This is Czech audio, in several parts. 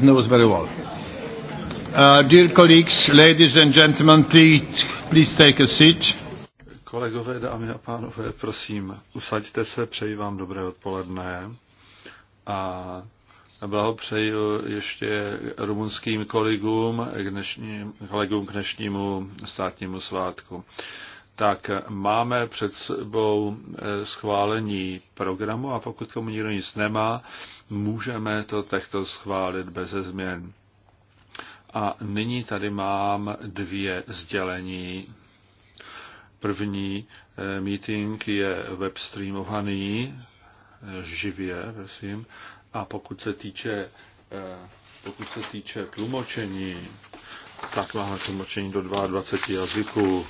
knows very well. Uh, dear colleagues, ladies and gentlemen, please, please take a seat. Kolegové, dámy a pánové, prosím, usaďte se, přeji vám dobré odpoledne a blahopřeji ještě rumunským kolegům k dnešním, kolegům k dnešnímu státnímu svátku tak máme před sebou eh, schválení programu a pokud tomu nikdo nic nemá, můžeme to takto schválit bez změn. A nyní tady mám dvě sdělení. První eh, meeting je webstreamovaný eh, živě, prosím. A pokud se týče, pokud se týče tlumočení, tak máme tlumočení do 22 jazyků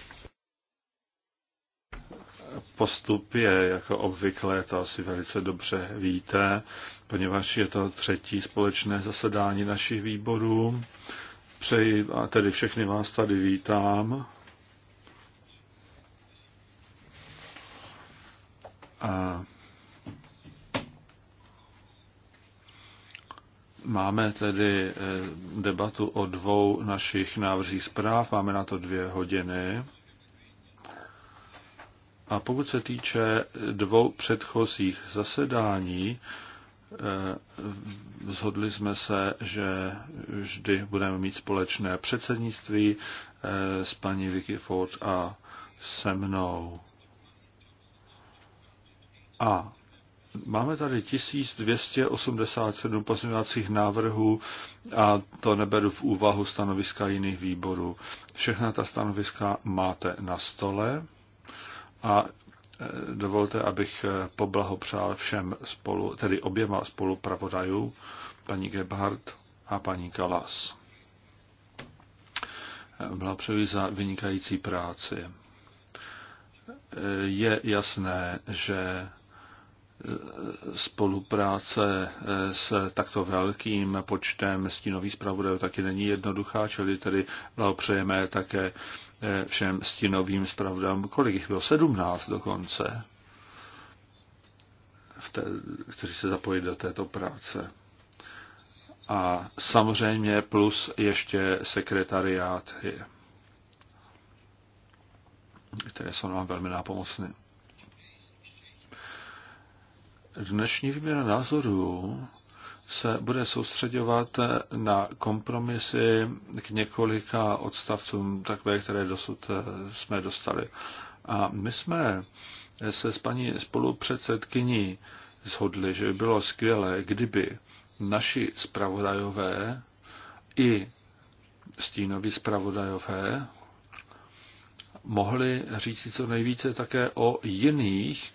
postup je jako obvykle, to asi velice dobře víte, poněvadž je to třetí společné zasedání našich výborů. Přeji a tedy všechny vás tady vítám. A Máme tedy eh, debatu o dvou našich návrzích zpráv, máme na to dvě hodiny. A pokud se týče dvou předchozích zasedání, eh, Zhodli jsme se, že vždy budeme mít společné předsednictví eh, s paní Vicky Ford a se mnou. A máme tady 1287 pozměňovacích návrhů a to neberu v úvahu stanoviska jiných výborů. Všechna ta stanoviska máte na stole. A e, dovolte, abych e, poblahopřál všem spolu, tedy oběma spolupravodajům, paní Gebhardt a paní Kalas. E, blahopřeji za vynikající práci. Je jasné, že spolupráce s takto velkým počtem stínových zpravodajů taky není jednoduchá, čili tedy blahopřejeme také všem stínovým zpravdám, kolik jich bylo, 17 dokonce, v té, kteří se zapojili do této práce. A samozřejmě plus ještě sekretariáty, které jsou nám velmi nápomocné. Dnešní výměna názorů se bude soustředovat na kompromisy k několika odstavcům, takové, které dosud eh, jsme dostali. A my jsme se s paní spolupředsedkyní shodli, že by bylo skvělé, kdyby naši zpravodajové i stínoví zpravodajové mohli říct co nejvíce také o jiných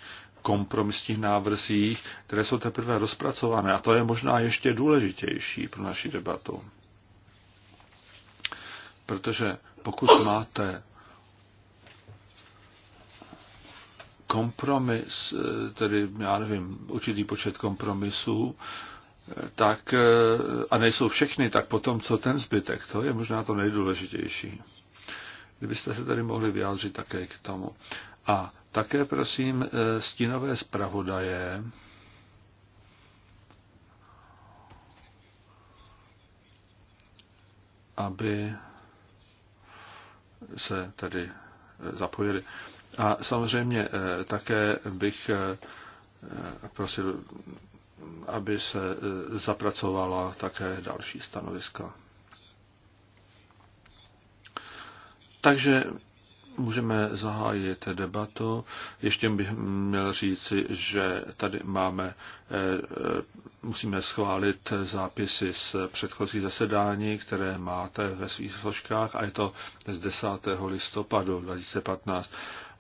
kompromisních návrzích, které jsou teprve rozpracované. A to je možná ještě důležitější pro naši debatu. Protože pokud máte kompromis, tedy já nevím, určitý počet kompromisů, tak, a nejsou všechny, tak potom co ten zbytek, to je možná to nejdůležitější. Kdybyste se tady mohli vyjádřit také k tomu. A také prosím eh, stínové zpravodaje, aby se tedy eh, zapojili. A samozřejmě eh, také bych prosil, aby se zapracovala také další stanoviska. Takže můžeme zahájit debatu. Ještě bych měl říci, že tady máme, eh, musíme schválit zápisy z předchozí zasedání, které máte ve svých složkách a je to z 10. listopadu 2015.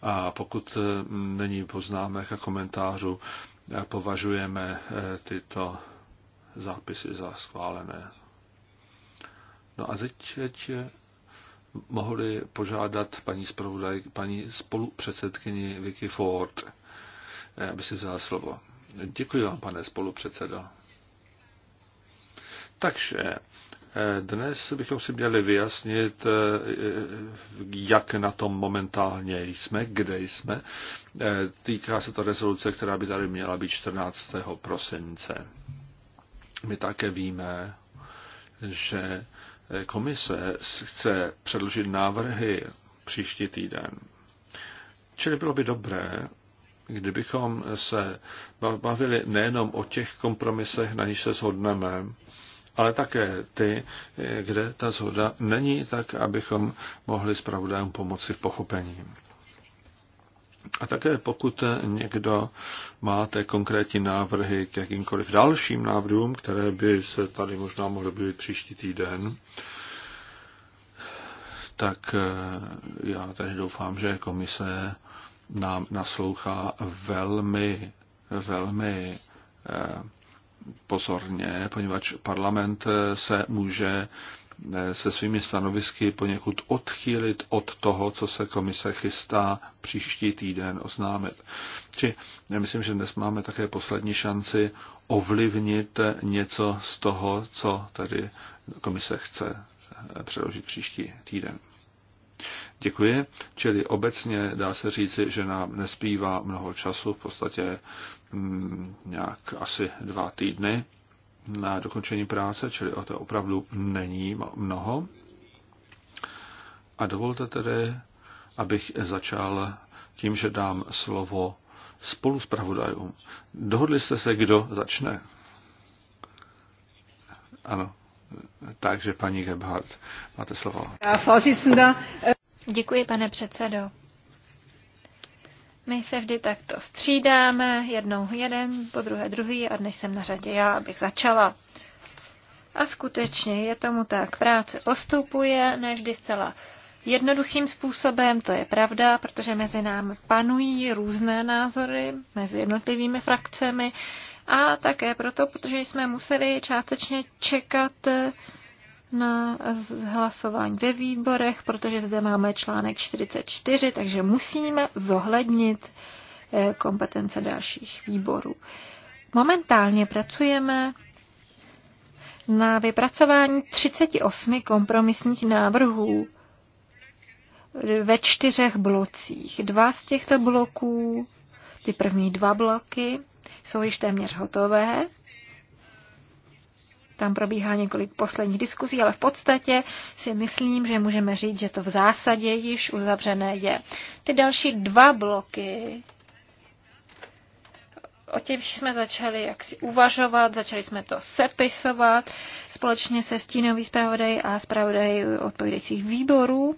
A pokud eh, není poznámek a komentářů, eh, považujeme tyto zápisy za schválené. No a teď, teď mohli požádat paní, paní spolupředsedkyni Vicky Ford, eh, aby si vzala slovo. Děkuji vám, pane spolupředsedo. Takže eh, dnes bychom si měli vyjasnit, eh, jak na tom momentálně jsme, kde jsme. Týká se to rezoluce, která by tady měla být 14. prosince. My také víme, že komise chce předložit návrhy příští týden. Čili bylo by dobré, kdybychom se bavili nejenom o těch kompromisech, na níž se shodneme, ale také ty, kde ta shoda není, tak abychom mohli zpravodajům pomoci v pochopení. A také pokud někdo máte konkrétní návrhy k jakýmkoliv dalším návrhům, které by se tady možná mohly být příští týden, tak eh, já tady doufám, že komise nám naslouchá velmi, velmi eh, pozorně, poněvadž parlament eh, se může Eh, se svými stanovisky poněkud odchýlit od toho, co se komise chystá příští týden oznámit. Či já myslím, že dnes máme také poslední šanci ovlivnit něco z toho, co tady komise chce eh, předložit příští týden. Děkuji. Čili obecně dá se říci, že nám nespívá mnoho času, v podstatě mm, nějak asi dva týdny na dokončení práce, čili o to opravdu není mnoho. A dovolte tedy, abych začal tím, že dám slovo spolu s pravodajům. Dohodli jste se, kdo začne? Ano. Takže paní Gebhardt, máte slovo. Äh Děkuji, pane předsedo. My se vždy takto střídáme, jednou jeden, po druhé druhý a dnes jsem na řadě já, abych začala. A skutečně je tomu tak. Práce postupuje, ne vždy zcela jednoduchým způsobem, to je pravda, protože mezi námi panují různé názory mezi jednotlivými frakcemi a také proto, protože jsme museli částečně čekat na hlasování ve výborech, protože zde máme článek 44, takže musíme zohlednit eh, kompetence dalších výborů. Momentálně pracujeme na vypracování 38 kompromisních návrhů ve čtyřech blocích. Dva z těchto bloků, ty první dva bloky, jsou již téměř hotové tam probíhá několik posledních diskuzí, ale v podstatě si myslím, že můžeme říct, že to v zásadě již uzavřené je. Ty další dva bloky o těch jsme začali jaksi uvažovat, začali jsme to sepisovat společně se stínový zpravodaj a zpravodaj odpovídajících výborů.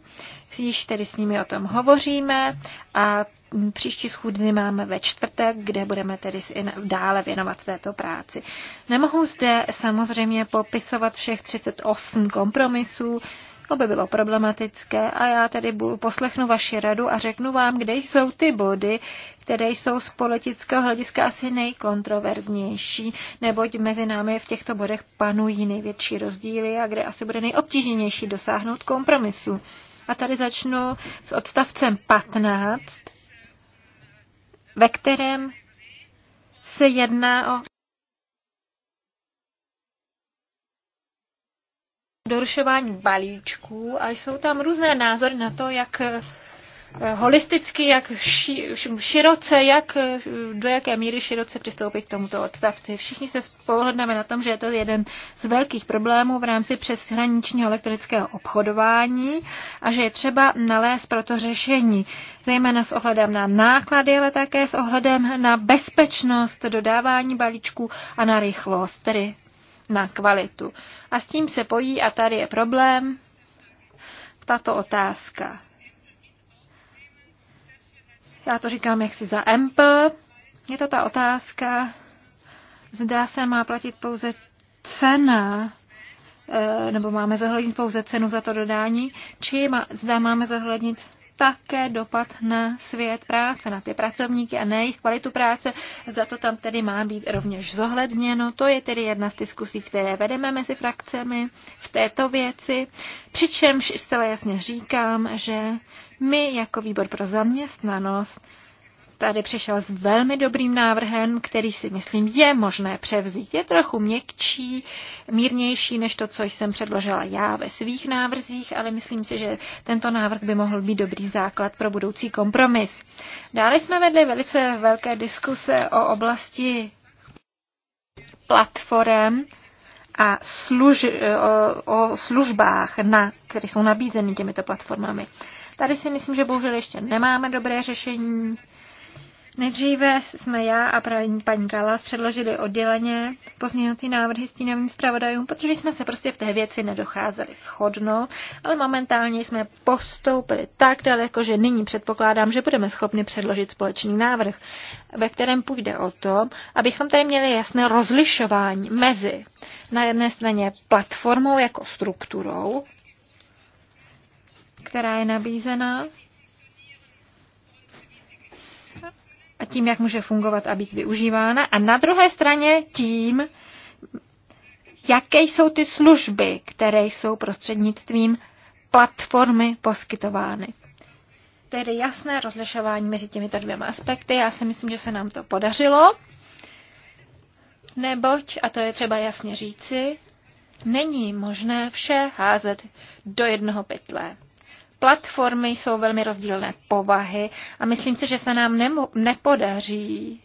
Již tedy s nimi o tom hovoříme a Příští schůdny máme ve čtvrtek, kde budeme tedy dále věnovat této práci. Nemohu zde samozřejmě popisovat všech 38 kompromisů, to by bylo problematické a já tedy poslechnu vaši radu a řeknu vám, kde jsou ty body, které jsou z politického hlediska asi nejkontroverznější, neboť mezi námi v těchto bodech panují největší rozdíly a kde asi bude nejobtížnější dosáhnout kompromisu. A tady začnu s odstavcem 15 ve kterém se jedná o dorušování balíčků a jsou tam různé názory na to, jak Eh, holisticky, jak široce, jak, eh, do jaké míry široce přistoupit k tomuto odstavci. Všichni se spolehneme na tom, že je to jeden z velkých problémů v rámci přeshraničního elektronického obchodování a že je třeba nalézt proto řešení, zejména s ohledem na náklady, ale také s ohledem na bezpečnost dodávání balíčků a na rychlost, tedy na kvalitu. A s tím se pojí, a tady je problém, tato otázka já to říkám jaksi za Ample. Je to ta otázka, zda se má platit pouze cena, eh, nebo máme zohlednit pouze cenu za to dodání, či zda máme zohlednit také dopad na svět práce, na ty pracovníky a na jejich kvalitu práce. Za to tam tedy má být rovněž zohledněno. To je tedy jedna z diskusí, které vedeme mezi frakcemi v této věci. Přičemž zcela jasně říkám, že my jako výbor pro zaměstnanost tady přišel s velmi dobrým návrhem, který si myslím je možné převzít. Je trochu měkčí, mírnější než to, co jsem předložila já ve svých návrzích, ale myslím si, že tento návrh by mohl být dobrý základ pro budoucí kompromis. Dále jsme vedli velice velké diskuse o oblasti platform a služ, o, o službách, na, které jsou nabízeny těmito platformami. Tady si myslím, že bohužel ještě nemáme dobré řešení. Nejdříve jsme já a paní Kalas předložili odděleně pozměňovací návrhy s stínovým zpravodajům, protože jsme se prostě v té věci nedocházeli shodnout, ale momentálně jsme postoupili tak daleko, že nyní předpokládám, že budeme schopni předložit společný návrh, ve kterém půjde o to, abychom tady měli jasné rozlišování mezi na jedné straně platformou jako strukturou, která je nabízena a tím, jak může fungovat a být využívána. A na druhé straně tím, jaké jsou ty služby, které jsou prostřednictvím platformy poskytovány. Tedy jasné rozlišování mezi těmito dvěma aspekty. Já si myslím, že se nám to podařilo. Neboť, a to je třeba jasně říci, není možné vše házet do jednoho pytle platformy jsou velmi rozdílné povahy a myslím si, že se nám nepodaří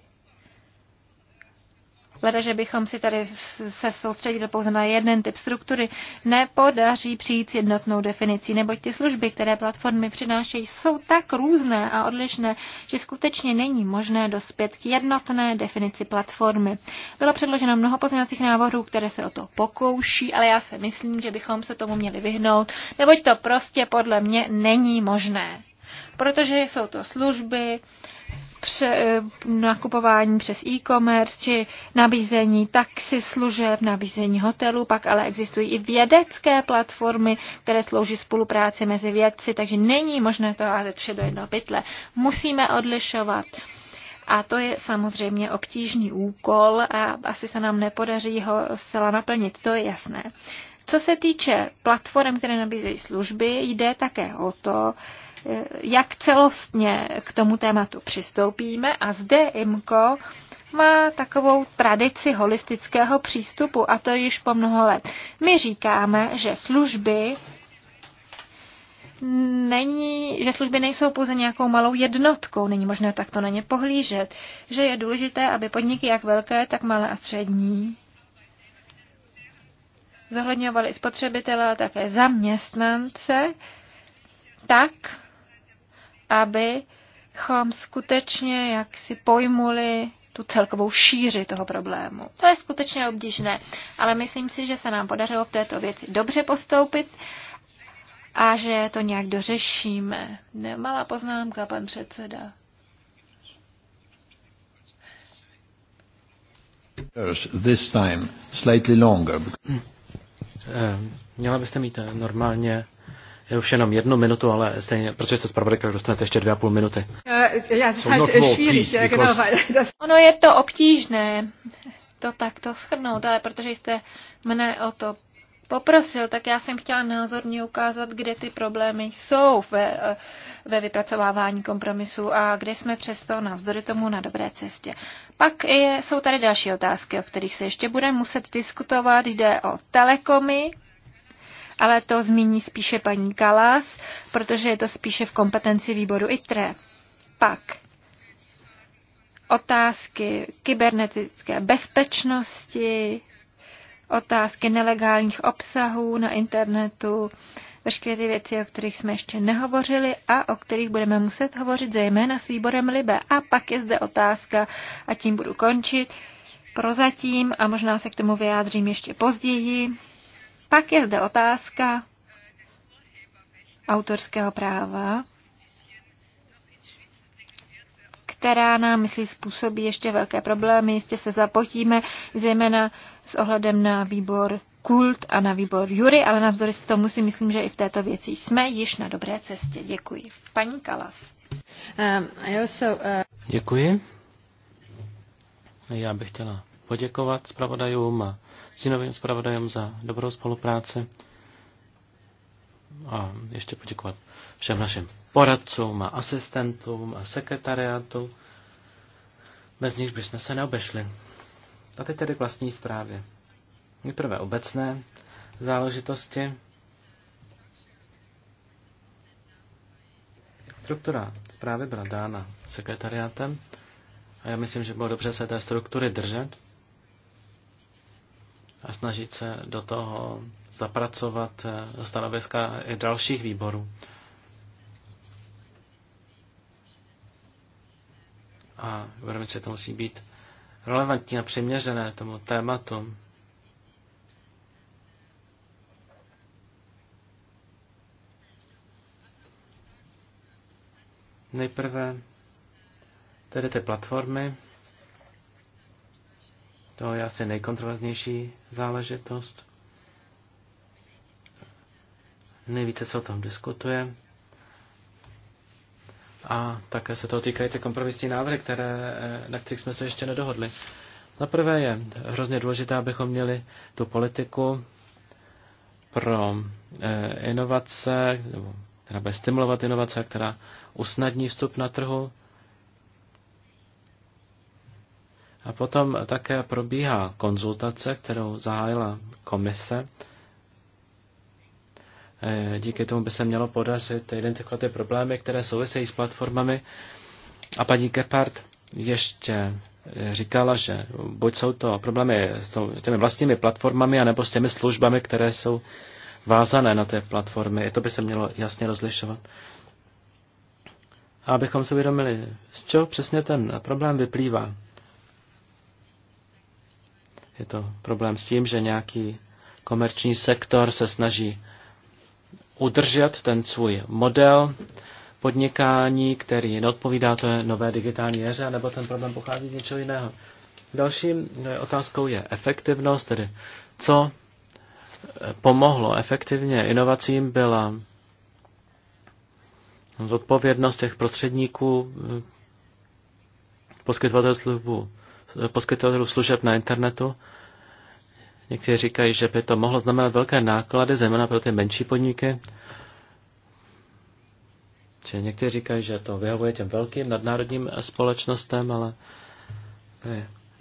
Leda, že bychom si tady se soustředili pouze na jeden typ struktury, nepodaří přijít s jednotnou definicí, neboť ty služby, které platformy přinášejí, jsou tak různé a odlišné, že skutečně není možné dospět k jednotné definici platformy. Bylo předloženo mnoho pozměňovacích návrhů, které se o to pokouší, ale já se myslím, že bychom se tomu měli vyhnout, neboť to prostě podle mě není možné. Protože jsou to služby, pře, eh, nakupování přes e-commerce či nabízení taxi služeb, nabízení hotelů, pak ale existují i vědecké platformy, které slouží spolupráci mezi vědci, takže není možné to házet vše do jednoho pytle. Musíme odlišovat. A to je samozřejmě obtížný úkol a asi se nám nepodaří ho zcela naplnit, to je jasné. Co se týče platform, které nabízejí služby, jde také o to, jak celostně k tomu tématu přistoupíme a zde IMCO má takovou tradici holistického přístupu a to již po mnoho let. My říkáme, že služby není, že služby nejsou pouze nějakou malou jednotkou, není možné takto na ně pohlížet, že je důležité, aby podniky jak velké, tak malé a střední zohledňovaly spotřebitele, také zaměstnance, tak, abychom skutečně jaksi pojmuli tu celkovou šíři toho problému. To je skutečně obtížné, ale myslím si, že se nám podařilo v této věci dobře postoupit a že to nějak dořešíme. Malá poznámka, pan předseda. This time, slightly longer. Hmm. Eh, měla byste mít eh, normálně je už jenom jednu minutu, ale stejně, protože jste zpravodajka, dostanete ještě dvě a půl minuty. Eh, ono je to obtížné to takto schrnout, ale protože jste mne o to poprosil, tak já jsem chtěla názorně ukázat, kde ty problémy jsou ve, eh, ve vypracovávání kompromisu a kde jsme přesto navzdory tomu na dobré cestě. Pak je, jsou tady další otázky, o kterých se ještě budeme muset diskutovat. Jde o telekomy, ale to zmíní spíše paní Kalas, protože je to spíše v kompetenci výboru ITRE. Pak otázky kybernetické bezpečnosti, otázky nelegálních obsahů na internetu, veškeré ty věci, o kterých jsme ještě nehovořili a o kterých budeme muset hovořit zejména s výborem Libe. A pak je zde otázka, a tím budu končit, prozatím a možná se k tomu vyjádřím ještě později, pak je zde otázka autorského práva, která nám, myslím, způsobí ještě velké problémy. Jistě se zapotíme, zejména s ohledem na výbor kult a na výbor jury, ale navzdory se tomu si myslím, že i v této věci jsme již na dobré cestě. Děkuji. Paní Kalas. Um, uh, Děkuji. Já bych chtěla poděkovat zpravodajům a stínovým zpravodajům za dobrou spolupráci a ještě poděkovat všem našim poradcům a asistentům a sekretariátu, bez nich bychom se neobešli. A teď tedy k vlastní zprávě. Nejprve obecné záležitosti. Struktura zprávy byla dána sekretariátem a já myslím, že bylo dobře se té struktury držet a snažit se do toho zapracovat eh, stanoviska i dalších výborů. A uvědomit si, to musí být relevantní a přiměřené tomu tématu. Nejprve tedy ty platformy. To je asi nejkontroverznější záležitost. Nejvíce se o tom diskutuje. A také se to týkají ty kompromisní návrhy, které, eh, na kterých jsme se ještě nedohodli. Za prvé je hrozně důležité, abychom měli tu politiku pro eh, inovace, která bude stimulovat inovace, která usnadní vstup na trhu A potom také probíhá konzultace, kterou zahájila komise. E, díky tomu by se mělo podařit identifikovat ty problémy, které souvisejí s platformami. A paní Gepard ještě e, říkala, že buď jsou to problémy s těmi vlastními platformami, anebo s těmi službami, které jsou vázané na té platformy. I to by se mělo jasně rozlišovat. A abychom se uvědomili, z čeho přesně ten problém vyplývá. Je to problém s tím, že nějaký komerční sektor se snaží udržet ten svůj model podnikání, který neodpovídá té nové digitální éře, nebo ten problém pochází z něčeho jiného. Dalším no, otázkou je efektivnost, tedy co eh, pomohlo efektivně inovacím byla zodpovědnost těch prostředníků eh, poskytovatel službu poskytovatelů služeb na internetu. Někteří říkají, že by to mohlo znamenat velké náklady, zejména pro ty menší podniky. Čili někteří říkají, že to vyhovuje těm velkým nadnárodním společnostem, ale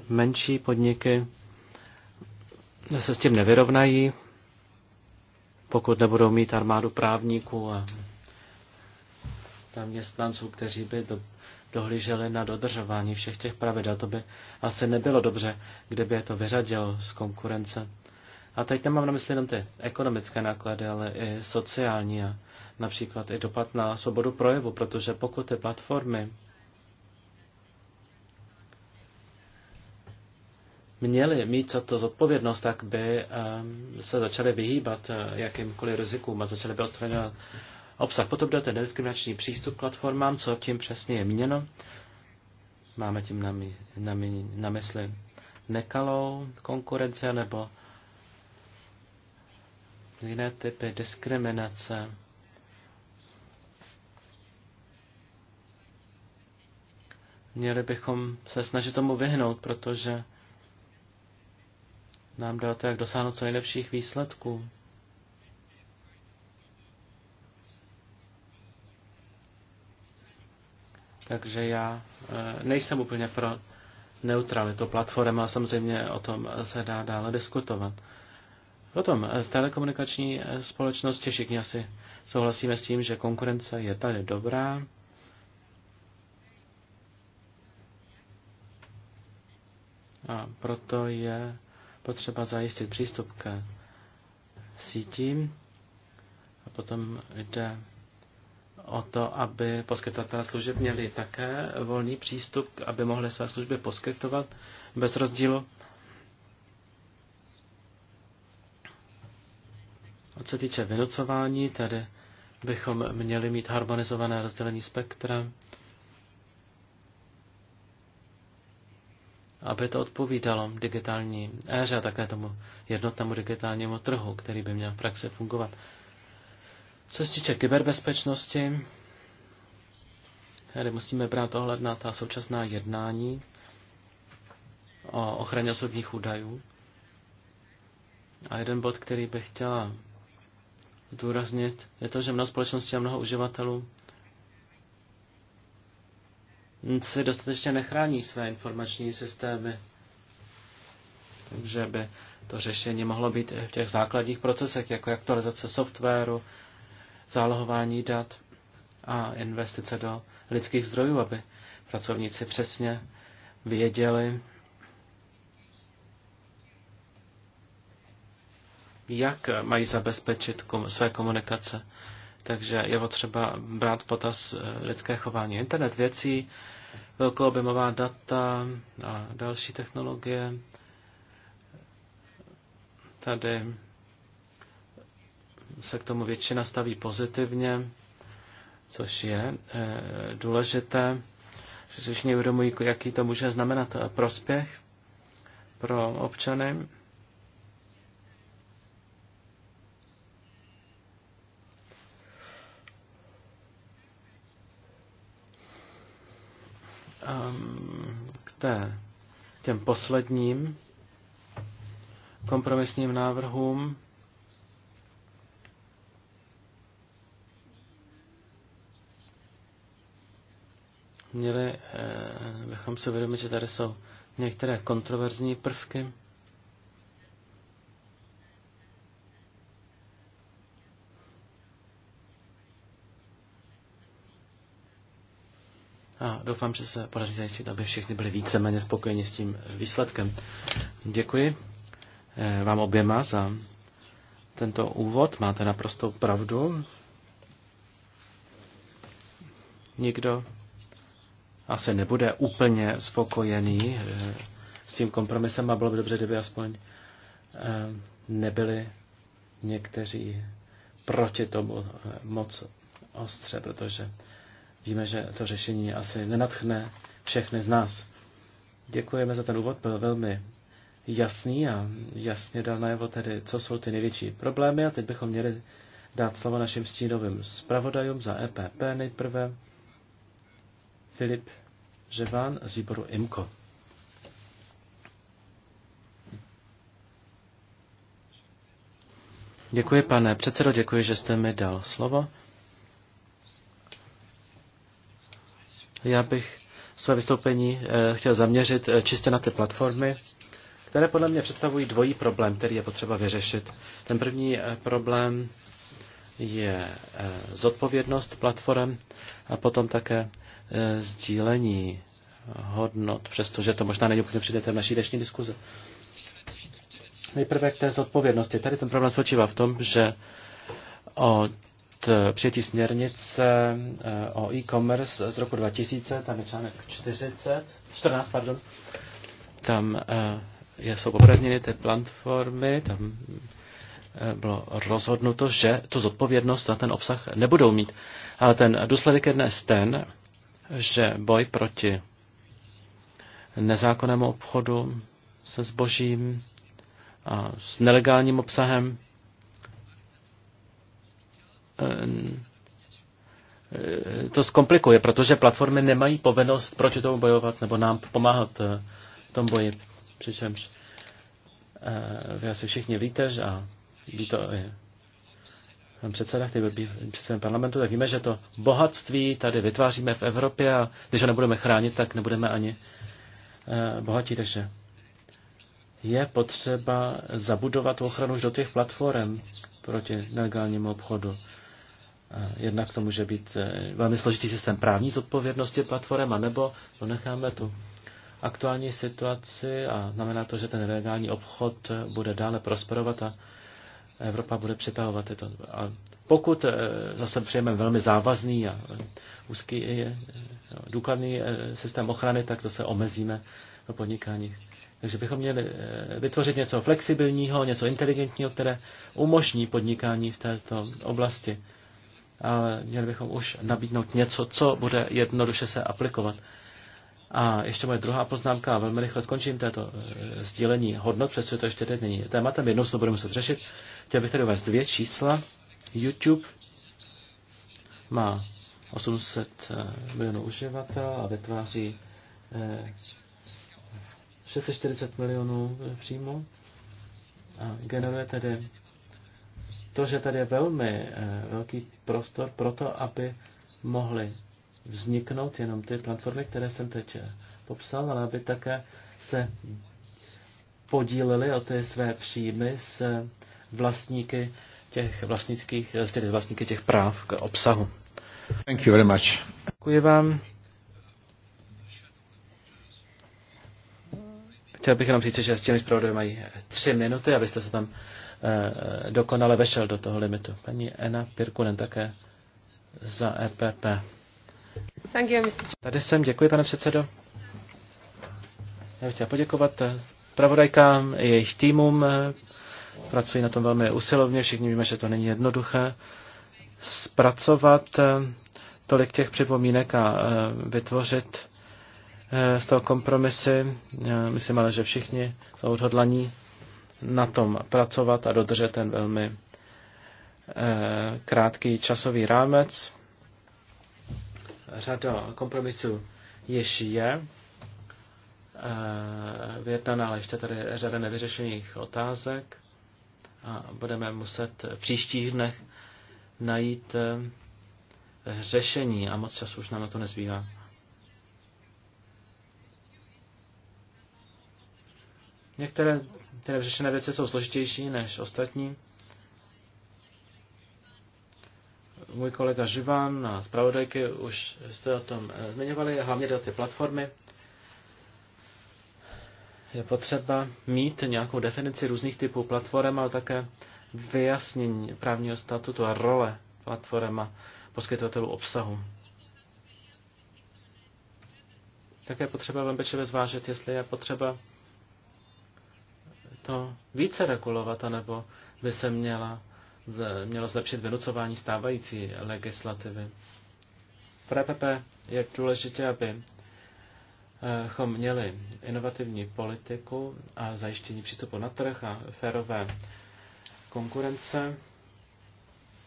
menší podniky se s tím nevyrovnají, pokud nebudou mít armádu právníků a zaměstnanců, kteří by dohlíželi na dodržování všech těch pravidel. To by asi nebylo dobře, kdyby je to vyřadilo z konkurence. A teď nemám na mysli jenom ty ekonomické náklady, ale i sociální a například i dopad na svobodu projevu, protože pokud ty platformy měli mít za to zodpovědnost, tak by ehm, se začaly vyhýbat eh, jakýmkoliv rizikům a začaly by odstraňovat obsah. Potom dáte nediskriminační přístup k platformám, co tím přesně je míněno. Máme tím na, my, na, my, na mysli nekalou konkurence nebo jiné typy diskriminace. Měli bychom se snažit tomu vyhnout, protože nám jde o to, jak dosáhnout co nejlepších výsledků. Takže já e, nejsem úplně pro neutralitu platform, ale samozřejmě o tom se dá dále diskutovat. Potom e, z telekomunikační e, společnosti všichni asi souhlasíme s tím, že konkurence je tady dobrá. A proto je potřeba zajistit přístup k sítím. A potom jde o to, aby poskytovatelé služeb měli také volný přístup, aby mohli své služby poskytovat bez rozdílu. A co týče vynucování, tedy bychom měli mít harmonizované rozdělení spektra, aby to odpovídalo digitální éře a také tomu jednotnému digitálnímu trhu, který by měl v praxi fungovat. Co se týče kyberbezpečnosti, tady musíme brát ohled na ta současná jednání o ochraně osobních údajů. A jeden bod, který bych chtěla zdůraznit, je to, že mnoho společností a mnoho uživatelů si dostatečně nechrání své informační systémy. Takže by to řešení mohlo být v těch základních procesech, jako aktualizace softwaru, zálohování dat a investice do lidských zdrojů, aby pracovníci přesně věděli, jak mají zabezpečit své komunikace. Takže je potřeba brát potaz eh, lidské chování. Internet věcí, velkoobjemová data a další technologie. Tady se k tomu většina staví pozitivně, což je eh, důležité, že se všichni uvědomují, jaký to může znamenat eh, prospěch pro občany. Ehm, k té, těm posledním kompromisním návrhům Měli eh, bychom se uvědomit, že tady jsou některé kontroverzní prvky. a doufám, že se podaří zajistit, aby všichni byli víceméně spokojeni s tím výsledkem. Děkuji eh, vám oběma za tento úvod. Máte naprostou pravdu. Nikdo asi nebude úplně spokojený eh, s tím kompromisem a bylo by dobře, kdyby aspoň eh, nebyli někteří proti tomu eh, moc ostře, protože víme, že to řešení asi nenatchne všechny z nás. Děkujeme za ten úvod, byl velmi jasný a jasně dal najevo tedy, co jsou ty největší problémy a teď bychom měli dát slovo našim stínovým zpravodajům za EPP nejprve. Filip vám z výboru IMCO. Děkuji, pane předsedo, děkuji, že jste mi dal slovo. Já bych své vystoupení eh, chtěl zaměřit eh, čistě na ty platformy, které podle mě představují dvojí problém, který je potřeba vyřešit. Ten první eh, problém je zodpovědnost platform a potom také Eh, sdílení hodnot, přestože to možná není úplně v naší dnešní diskuze. Nejprve k té zodpovědnosti. Tady ten problém spočívá v tom, že od přijetí směrnice eh, o e-commerce z roku 2000, tam je článek 40, 14, pardon, tam eh, jsou poprazněny ty platformy, tam bylo rozhodnuto, že tu zodpovědnost za ten obsah nebudou mít. Ale ten důsledek je dnes ten, že boj proti nezákonnému obchodu se zbožím a s nelegálním obsahem eh, to zkomplikuje, protože platformy nemají povinnost proti tomu bojovat nebo nám pomáhat eh, v tom boji. Přičemž eh, vy asi všichni víte, že a ví to i předseda, který byl předsedem parlamentu, tak víme, že to bohatství tady vytváříme v Evropě a když ho nebudeme chránit, tak nebudeme ani eh, bohatí. Takže je potřeba zabudovat ochranu už do těch platform proti nelegálnímu obchodu. Eh, jednak to může být eh, velmi složitý systém právní zodpovědnosti platform, anebo to necháme tu aktuální situaci a znamená to, že ten nelegální obchod bude dále prosperovat a Evropa bude přetahovat tyto. A pokud eh, zase přijeme velmi závazný a úzký, eh, eh, důkladný systém ochrany, tak to se omezíme do podnikání. Takže bychom měli vytvořit něco flexibilního, něco inteligentního, které umožní podnikání v této oblasti. Ale měli bychom už nabídnout něco, co bude jednoduše se aplikovat. A ještě moje druhá poznámka, velmi rychle skončím této eh, sdílení hodnot, přestože to ještě teď není tématem, jednou se to budeme muset řešit. Chtěl bych tady uvést dvě čísla. YouTube má 800 eh, milionů uživatel a vytváří 640 eh, milionů příjmu a generuje tedy to, že tady je velmi velký prostor pro to, aby mohli vzniknout jenom ty platformy, které jsem teď eh, popsal, ale aby také se podíleli o ty své příjmy s eh, vlastníky těch vlastnických, eh, tedy vlastníky těch práv k obsahu. Thank you very much. Děkuji vám. Chtěl bych jenom říct, že s těmi zpravodaji mají tři minuty, abyste se tam eh, dokonale vešel do toho limitu. Paní Ena Pirkunen také za EPP. Tady jsem, děkuji, pane předsedo. Já bych chtěl poděkovat eh, pravodajkám i jejich týmům. Eh, pracují na tom velmi usilovně, všichni víme, že to není jednoduché. Zpracovat eh, tolik těch připomínek a vytvořit z toho kompromisy. Myslím ale, že všichni jsou odhodlaní na tom pracovat a dodržet ten velmi krátký časový rámec řada kompromisů již je eh, vyjednaná, ale ještě tady řada nevyřešených otázek a budeme muset v příštích dnech najít eh, řešení a moc času už nám na to nezbývá. Některé ty nevyřešené věci jsou složitější než ostatní. můj kolega Živan a zpravodajky už se o tom eh, zmiňovali, hlavně do ty platformy. Je potřeba mít nějakou definici různých typů platform, ale také vyjasnění právního statutu a role platform a poskytovatelů obsahu. Také je potřeba vám pečlivě zvážit, jestli je potřeba to více regulovat, anebo by se měla mělo zlepšit vynucování stávající legislativy. Pro PPP e je důležité, aby abychom eh, měli inovativní politiku a zajištění přístupu na trh a férové konkurence.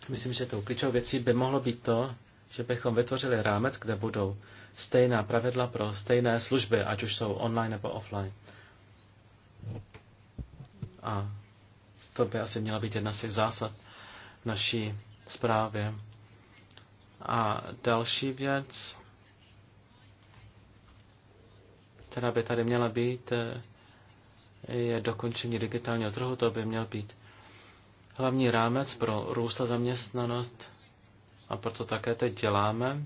Myslím, že tou klíčovou věcí by mohlo být to, že bychom vytvořili rámec, kde budou stejná pravidla pro stejné služby, ať už jsou online nebo offline. A to by asi měla být jedna z těch zásad, naší zprávě. A další věc, která by tady měla být, je dokončení digitálního trhu. To by měl být hlavní rámec pro růst a zaměstnanost a proto také teď děláme.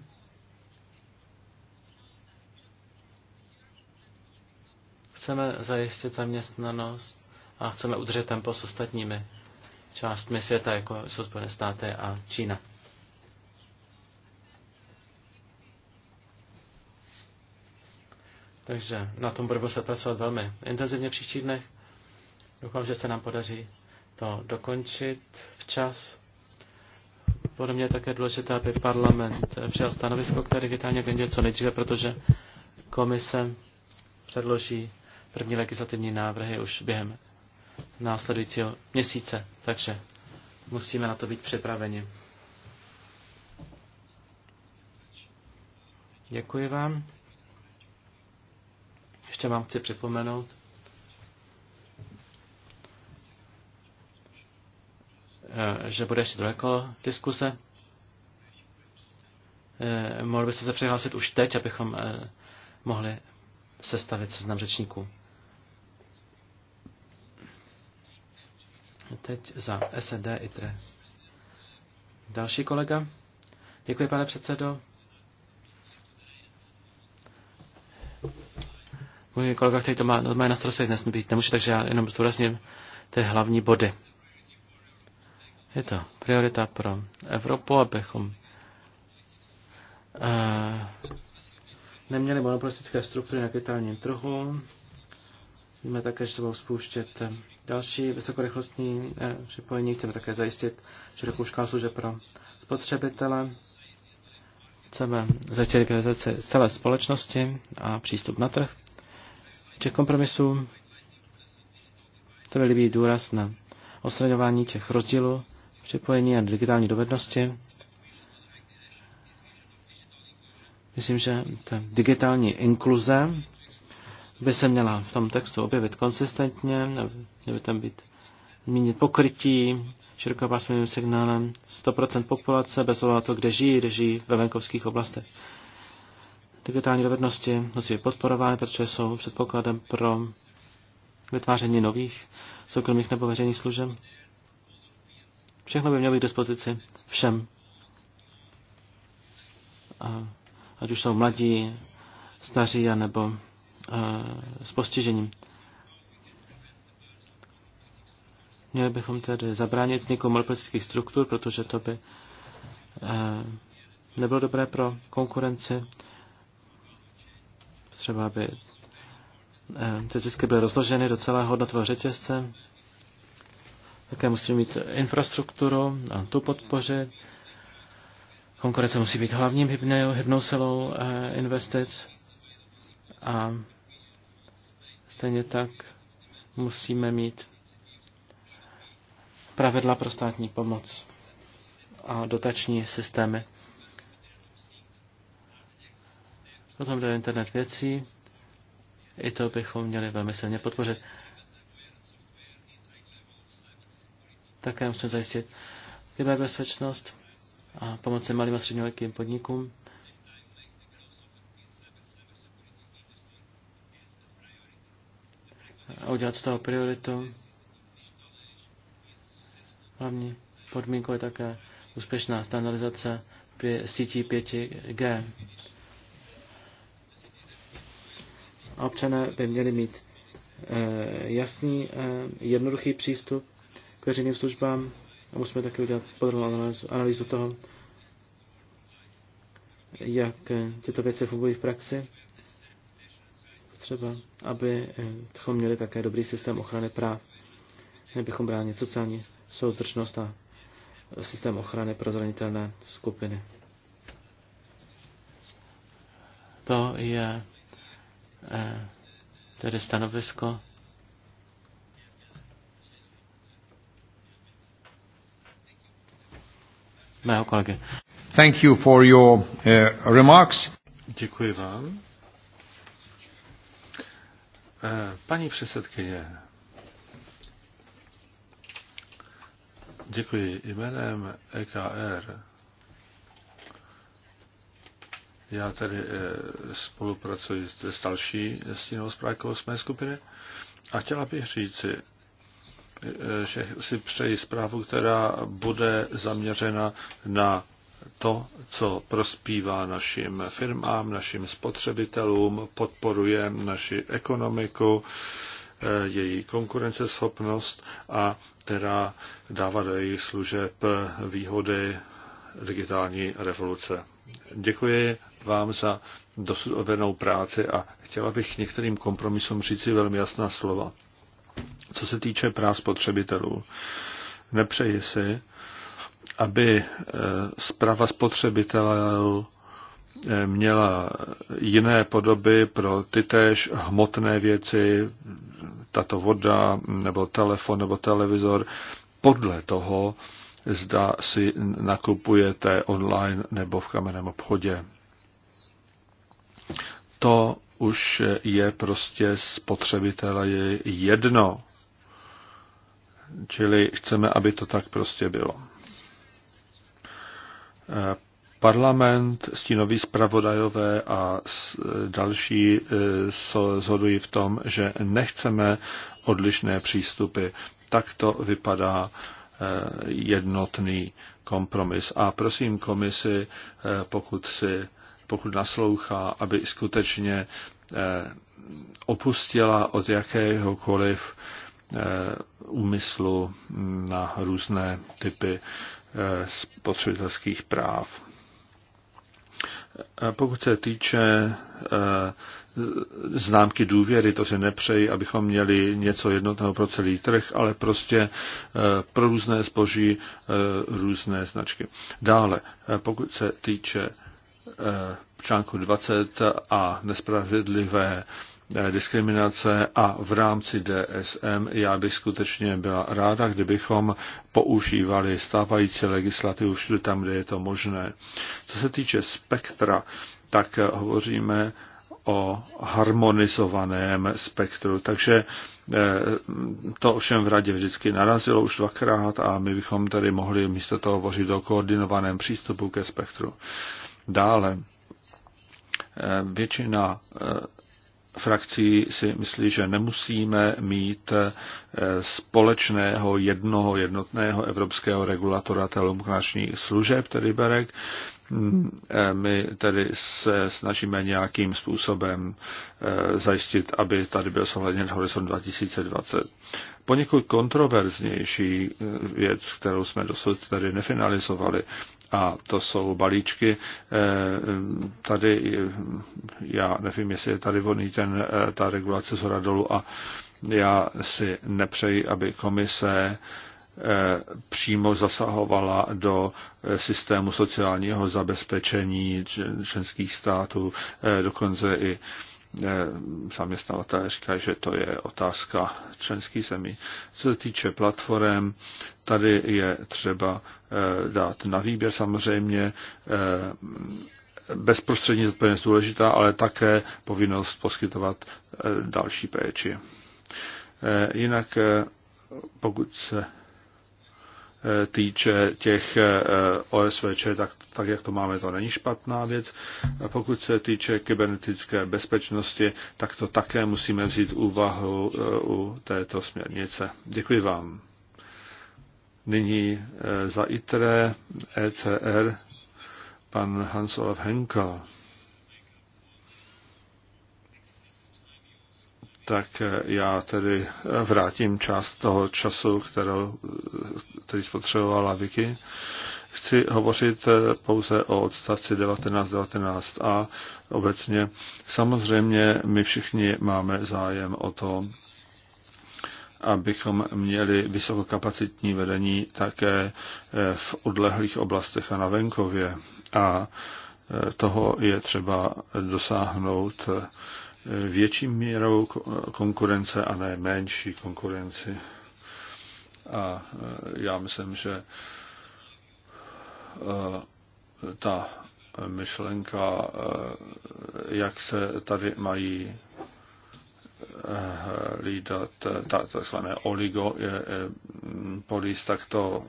Chceme zajistit zaměstnanost a chceme udržet tempo s ostatními částmi světa, jako jsou Spojené státy a Čína. Takže na tom budeme se pracovat velmi intenzivně příští dnech. Doufám, že se nám podaří to dokončit včas. Podle mě je také důležité, aby parlament přijal stanovisko které té digitální agendě co nejdříve, protože komise předloží první legislativní návrhy už během následujícího měsíce, takže musíme na to být připraveni. Děkuji vám. Ještě vám chci připomenout, eh, že bude ještě druhé kolo diskuse. Eh, Mohl byste se přihlásit už teď, abychom eh, mohli sestavit seznam řečníků. Teď za SND ITRE. Další kolega. Děkuji, pane předsedo. Můj kolega, který to má, to má na starosti, dnes být nemůže, takže já jenom zdůrazním ty hlavní body. Je to priorita pro Evropu, abychom uh, neměli monopolistické struktury na kytálním trhu. Víme také, že se budou spouštět eh, Další vysokorychlostní eh, připojení chceme také zajistit širokou škálu služeb pro spotřebitele. Chceme zajistit digitalizaci celé společnosti a přístup na trh. Těch kompromisů to mi líbí důraz na odstraňování těch rozdílů, připojení a digitální dovednosti. Myslím, že ta digitální inkluze, by se měla v tom textu objevit konsistentně, měl by tam být mínit pokrytí širokopásmovým signálem 100% populace, bez ohledu na to, kde žijí, kde žijí ve venkovských oblastech. Digitální dovednosti musí být podporovány, protože jsou předpokladem pro vytváření nových soukromých nebo veřejných služeb. Všechno by mělo být k dispozici všem. A ať už jsou mladí, staří, nebo s postižením. Měli bychom tedy zabránit vzniku monopolistických struktur, protože to by nebylo dobré pro konkurenci. Třeba by ty zisky byly rozloženy do celého hodnotového řetězce. Také musíme mít infrastrukturu a tu podpořit. Konkurence musí být hlavním hybnou, hybnou silou investic a Stejně tak musíme mít pravidla pro státní pomoc a dotační systémy. Potom jde internet věcí. I to bychom měli velmi silně podpořit. Také musíme zajistit kyberbezpečnost a pomoci malým a středním podnikům. a udělat z toho prioritu. Hlavní podmínkou je také úspěšná standardizace pě- sítí 5G. A občané by měli mít eh, jasný, eh, jednoduchý přístup k veřejným službám a musíme také udělat podrobnou analýzu, analýzu toho, jak eh, tyto věci fungují v praxi třeba, aby eh, bychom měli také dobrý systém ochrany práv. nebychom bránit sociální soudržnost a systém ochrany pro zranitelné skupiny. To je eh, tedy stanovisko mého kolegy. Thank you for your uh, remarks. Děkuji vám Eh, paní předsedkyně, děkuji jménem EKR. Já tady eh, spolupracuji s další stínovou zprávkou z mé skupiny a chtěla bych říci, eh, že si přeji zprávu, která bude zaměřena na to, co prospívá našim firmám, našim spotřebitelům, podporuje naši ekonomiku, eh, její konkurenceschopnost a která dává do jejich služeb výhody digitální revoluce. Děkuji vám za dosud odvedenou práci a chtěla bych některým kompromisům říci velmi jasná slova. Co se týče práv spotřebitelů, nepřeji si, aby zprava eh, spotřebitelů eh, měla jiné podoby pro tytéž hmotné věci, tato voda, nebo telefon, nebo televizor, podle toho, zda si nakupujete online nebo v kamenném obchodě. To už je prostě spotřebitele jedno. Čili chceme, aby to tak prostě bylo. Parlament, stínoví zpravodajové a další zhodují e, v tom, že nechceme odlišné přístupy. Tak to vypadá e, jednotný kompromis. A prosím komisi, e, pokud, si, pokud naslouchá, aby skutečně opustila od jakéhokoliv úmyslu na různé typy Eh, spotřebitelských práv. Eh, pokud se týče eh, známky důvěry, to si nepřeji, abychom měli něco jednotného pro celý trh, ale prostě pro různé zboží různé značky. Dále, pokud se týče článku 20 a nespravedlivé Eh, diskriminace a v rámci DSM já bych skutečně byla ráda, kdybychom používali stávající legislativu všude tam, kde je to možné. Co se týče spektra, tak hovoříme o harmonizovaném spektru. Takže eh, to ovšem v radě vždycky narazilo už dvakrát a my bychom tady mohli místo toho hovořit o koordinovaném přístupu ke spektru. Dále, eh, většina frakcí si myslí, že nemusíme mít eh, společného jednoho jednotného evropského regulatora telekomunikačních služeb, tedy Berek. Mm, eh, my tedy se snažíme nějakým způsobem eh, zajistit, aby tady byl zohledněn horizont 2020. Poněkud kontroverznější věc, kterou jsme dosud tady nefinalizovali, a to jsou balíčky. Eh, tady eh, já nevím, jestli je tady voný ten, eh, ta regulace z dolů a já si nepřeji, aby komise přímo zasahovala do systému sociálního zabezpečení členských států, dokonce i Eh, zaměstnavatelé říkají, že to je otázka členských zemí. Co se týče platform, tady je třeba eh, dát na výběr samozřejmě eh, bezprostřední odpovědnost důležitá, ale také povinnost poskytovat další péči. Jinak pokud se týče těch eh, OSVČ, tak, tak jak to máme, to není špatná věc. A pokud se týče kybernetické bezpečnosti, tak to také musíme vzít úvahu eh, u této směrnice. Děkuji vám. Nyní eh, za ITRE, ECR, pan Hans-Olaf Henkel. tak já tedy vrátím část toho času, kterou, který spotřebovala Vicky. Chci hovořit pouze o odstavci 19.19a obecně. Samozřejmě my všichni máme zájem o to, abychom měli vysokokapacitní vedení také v odlehlých oblastech a na venkově. A toho je třeba dosáhnout větší mírou konkurence a ne menší konkurenci. A e, já myslím, že e, ta myšlenka, e, jak se tady mají lídat takzvané oligopolis, tak to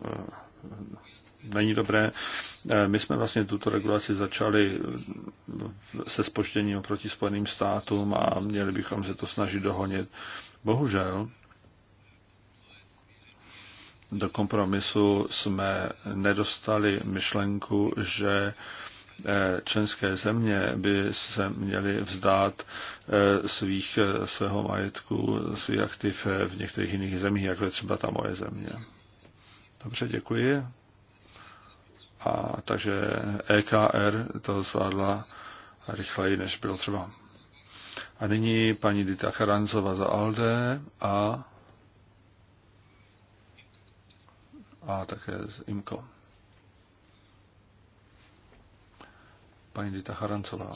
není dobré. Eh, my jsme vlastně tuto regulaci začali eh, se spoštěním oproti Spojeným státům a měli bychom se to snažit dohonit. Bohužel do kompromisu jsme nedostali myšlenku, že eh, členské země by se měly vzdát svých, svého majetku, svých aktiv v některých jiných zemích, jako je třeba ta moje země. Dobře, děkuji. A takže EKR to zvládla rychleji, než bylo třeba. A nyní paní Dita Charanzova za ALDE a a také z IMKO. Paní Dita Charanzová.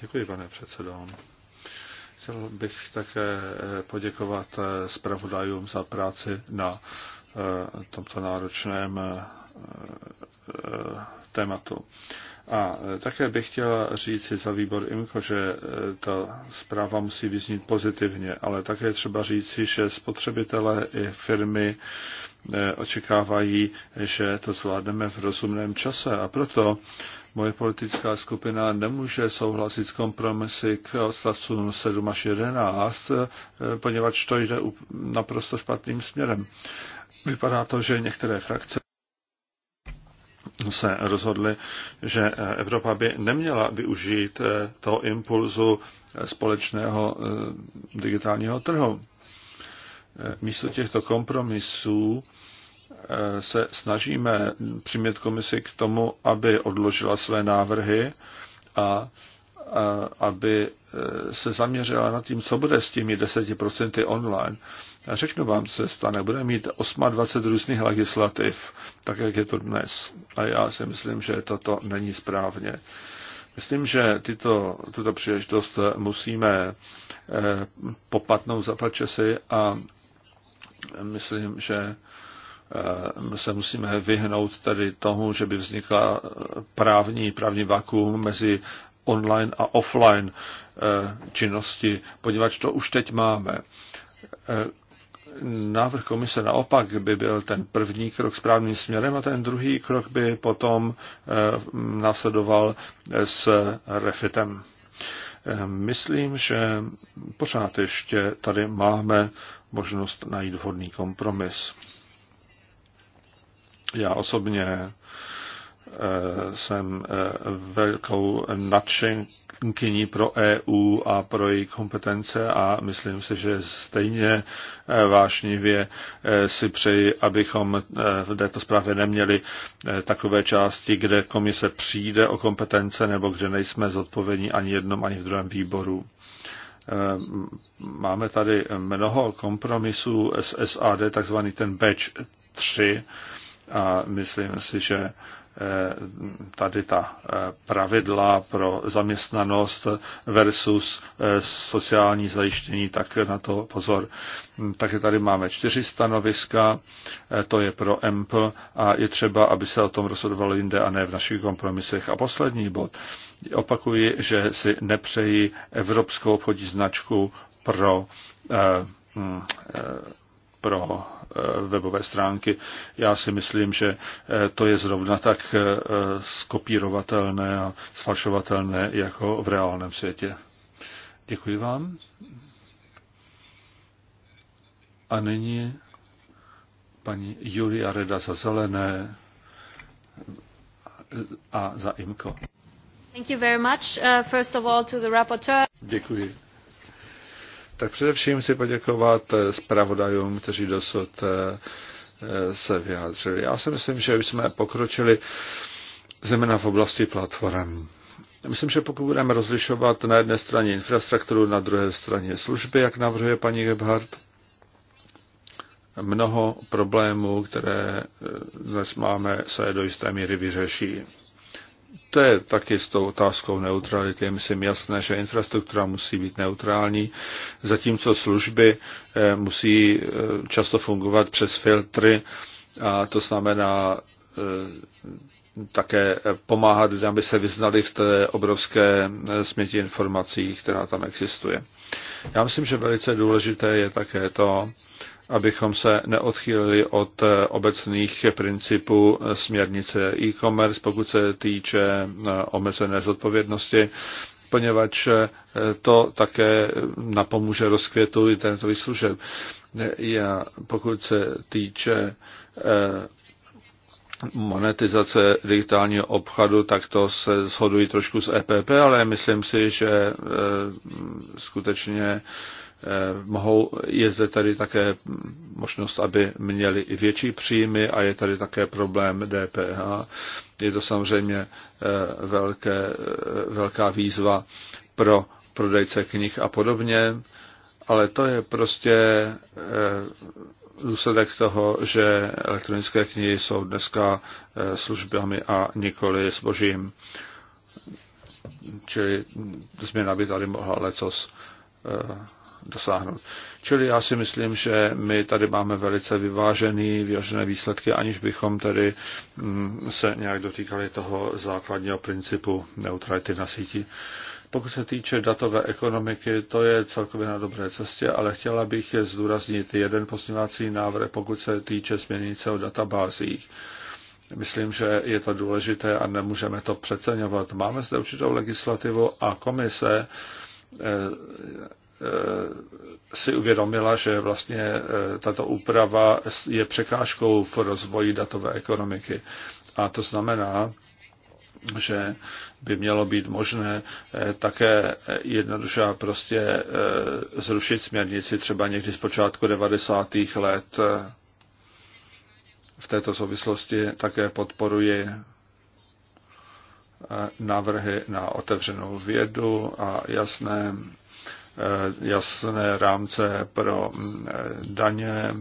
Děkuji, pane předsedo. Chtěl bych také poděkovat zpravodajům za práci na Eh, tomto náročném eh, eh, tématu. A také bych chtěla říct za výbor IMCO, že ta zpráva musí vyznít pozitivně, ale také třeba říci, že spotřebitelé i firmy očekávají, že to zvládneme v rozumném čase. A proto moje politická skupina nemůže souhlasit s kompromisy k odstavcům 7 až 11, poněvadž to jde naprosto špatným směrem. Vypadá to, že některé frakce se rozhodly, že Evropa by neměla využít eh, toho impulzu eh, společného eh, digitálního trhu. Místo těchto kompromisů se snažíme přimět komisi k tomu, aby odložila své návrhy a aby se zaměřila na tím, co bude s těmi 10% online řeknu vám, co se stane. bude mít 28 různých legislativ, tak jak je to dnes. A já si myslím, že toto není správně. Myslím, že tyto, tuto příležitost musíme eh, popatnout za pačesy a myslím, že eh, se musíme vyhnout tady tomu, že by vznikla eh, právní, právní vakuum mezi online a offline eh, činnosti, poněvadž to už teď máme návrh komise naopak by byl ten první krok správným směrem a ten druhý krok by potom eh, následoval s refitem. Eh, myslím, že pořád ještě tady máme možnost najít vhodný kompromis. Já osobně jsem eh, velkou nadšenkyní pro EU a pro její kompetence a myslím si, že stejně eh, vášnivě eh, si přeji, abychom v této zprávě neměli takové části, kde komise přijde o kompetence nebo kde nejsme zodpovědní ani jednom, ani v druhém výboru. Máme tady mnoho kompromisů s SAD, takzvaný ten batch 3 a myslím si, že Eh, tady ta eh, pravidla pro zaměstnanost versus eh, sociální zajištění, tak na to pozor. Hm, takže tady máme čtyři stanoviska, to je pro MP a je třeba, aby se o tom rozhodovalo jinde a ne v našich kompromisech. A poslední bod. Opakuji, že si nepřeji evropskou obchodní značku pro hm, pro eh, webové stránky. Já si myslím, že eh, to je zrovna tak eh, skopírovatelné a sfalšovatelné jako v reálném světě. Děkuji vám. A nyní paní Julia Reda za zelené a za IMKO. Thank you very much, uh, first of all to the rapporteur. Děkuji. Tak především chci poděkovat eh, zpravodajům, kteří dosud eh, eh, se vyjádřili. Já si myslím, že už jsme pokročili zejména v oblasti platform. Myslím, že pokud budeme rozlišovat na jedné straně infrastrukturu, na druhé straně služby, jak navrhuje paní Gebhardt, mnoho problémů, které dnes máme, se do jisté míry vyřeší to je taky s tou otázkou neutrality. Je myslím jasné, že infrastruktura musí být neutrální, zatímco služby eh, musí eh, často fungovat přes filtry a to znamená eh, také pomáhat lidem, aby se vyznali v té obrovské směti informací, která tam existuje. Já myslím, že velice důležité je také to, abychom se neodchýlili od eh, obecných principů eh, směrnice e-commerce, pokud se týče eh, omezené zodpovědnosti, poněvadž to také napomůže rozkvětu internetových služeb. Já, pokud se týče monetizace digitálního obchodu, tak to se shodují trošku s EPP, ale myslím si, že skutečně Eh, mohou, je zde tady také možnost, aby měli i větší příjmy a je tady také problém DPH. Je to samozřejmě eh, velké, eh, velká výzva pro prodejce knih a podobně, ale to je prostě důsledek toho, že elektronické knihy jsou dneska službami a nikoli zbožím. Čili změna by tady mohla letos dosáhnout. Čili já si myslím, že my tady máme velice vyvážený, vyvážené výsledky, aniž bychom tady mm, se nějak dotýkali toho základního principu neutrality na síti. Pokud se týče datové ekonomiky, to je celkově na dobré cestě, ale chtěla bych je zdůraznit jeden posměvací návrh, pokud se týče směrnice o databázích. Myslím, že je to důležité a nemůžeme to přeceňovat. Máme zde určitou legislativu a komise eh, Eh, si uvědomila, že vlastně eh, tato úprava je překážkou v rozvoji datové ekonomiky. A to znamená, že by mělo být možné eh, také jednoduše prostě zrušit směrnici třeba někdy z počátku 90. let. V této souvislosti také podporuji návrhy na otevřenou vědu a jasné Eh, jasné rámce pro eh, daně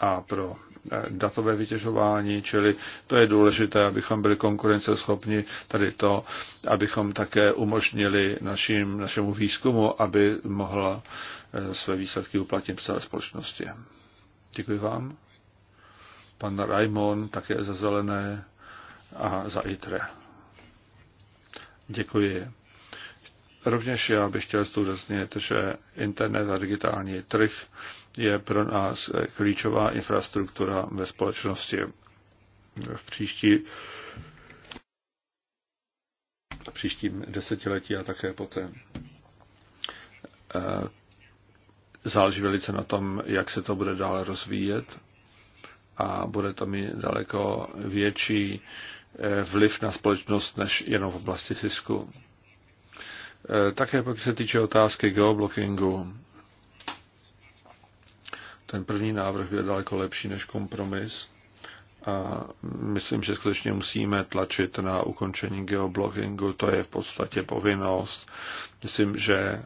a pro eh, datové vytěžování, čili to je důležité, abychom byli konkurenceschopni tady to, abychom také umožnili našim, našemu výzkumu, aby mohla své výsledky uplatnit v celé společnosti. Děkuji vám. Pan Raimon také za zelené a za ITRE. Děkuji. Rovněž já bych chtěl zdůraznit, že internet a digitální trh je pro nás klíčová infrastruktura ve společnosti. V příští v příštím desetiletí a také poté. Eh, záleží velice na tom, jak se to bude dále rozvíjet a bude to mít daleko větší eh, vliv na společnost než jenom v oblasti zisku. Eh, také pokud se týče otázky geoblockingu, ten první návrh byl daleko lepší než kompromis a myslím, že skutečně musíme tlačit na ukončení geoblockingu, to je v podstatě povinnost. Myslím, že eh,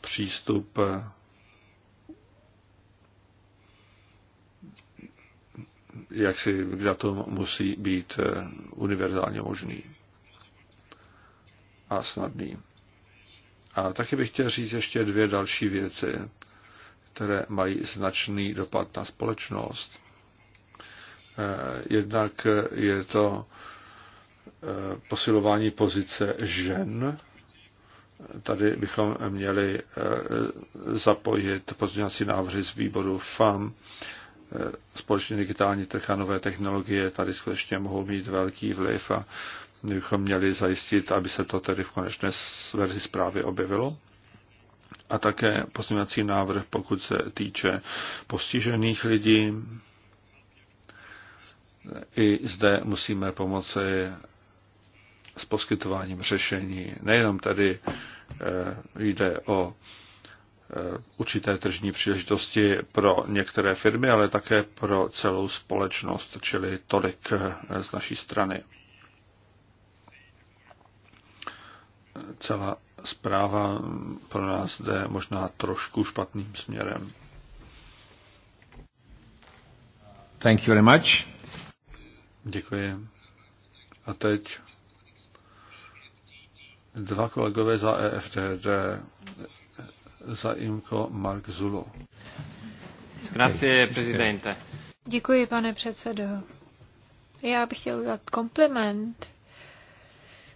přístup jak si k datům musí být eh, univerzálně možný a snadný. A taky bych chtěl říct ještě dvě další věci, které mají značný dopad na společnost. Eh, jednak je to eh, posilování pozice žen. Tady bychom měli eh, zapojit pozměňovací návrhy z výboru FAM. Společně digitální trh a nové technologie tady skutečně mohou mít velký vliv a bychom měli zajistit, aby se to tedy v konečné verzi zprávy objevilo. A také pozměňovací návrh, pokud se týče postižených lidí. I zde musíme pomoci s poskytováním řešení. Nejenom tady eh, jde o eh, určité tržní příležitosti pro některé firmy, ale také pro celou společnost, čili tolik eh, z naší strany. celá zpráva pro nás jde možná trošku špatným směrem. Thank you very much. Děkuji. A teď dva kolegové za EFTD, za Imko Mark Zulo. Grazie, prezidente. Děkuji, pane předsedo. Já bych chtěl udělat kompliment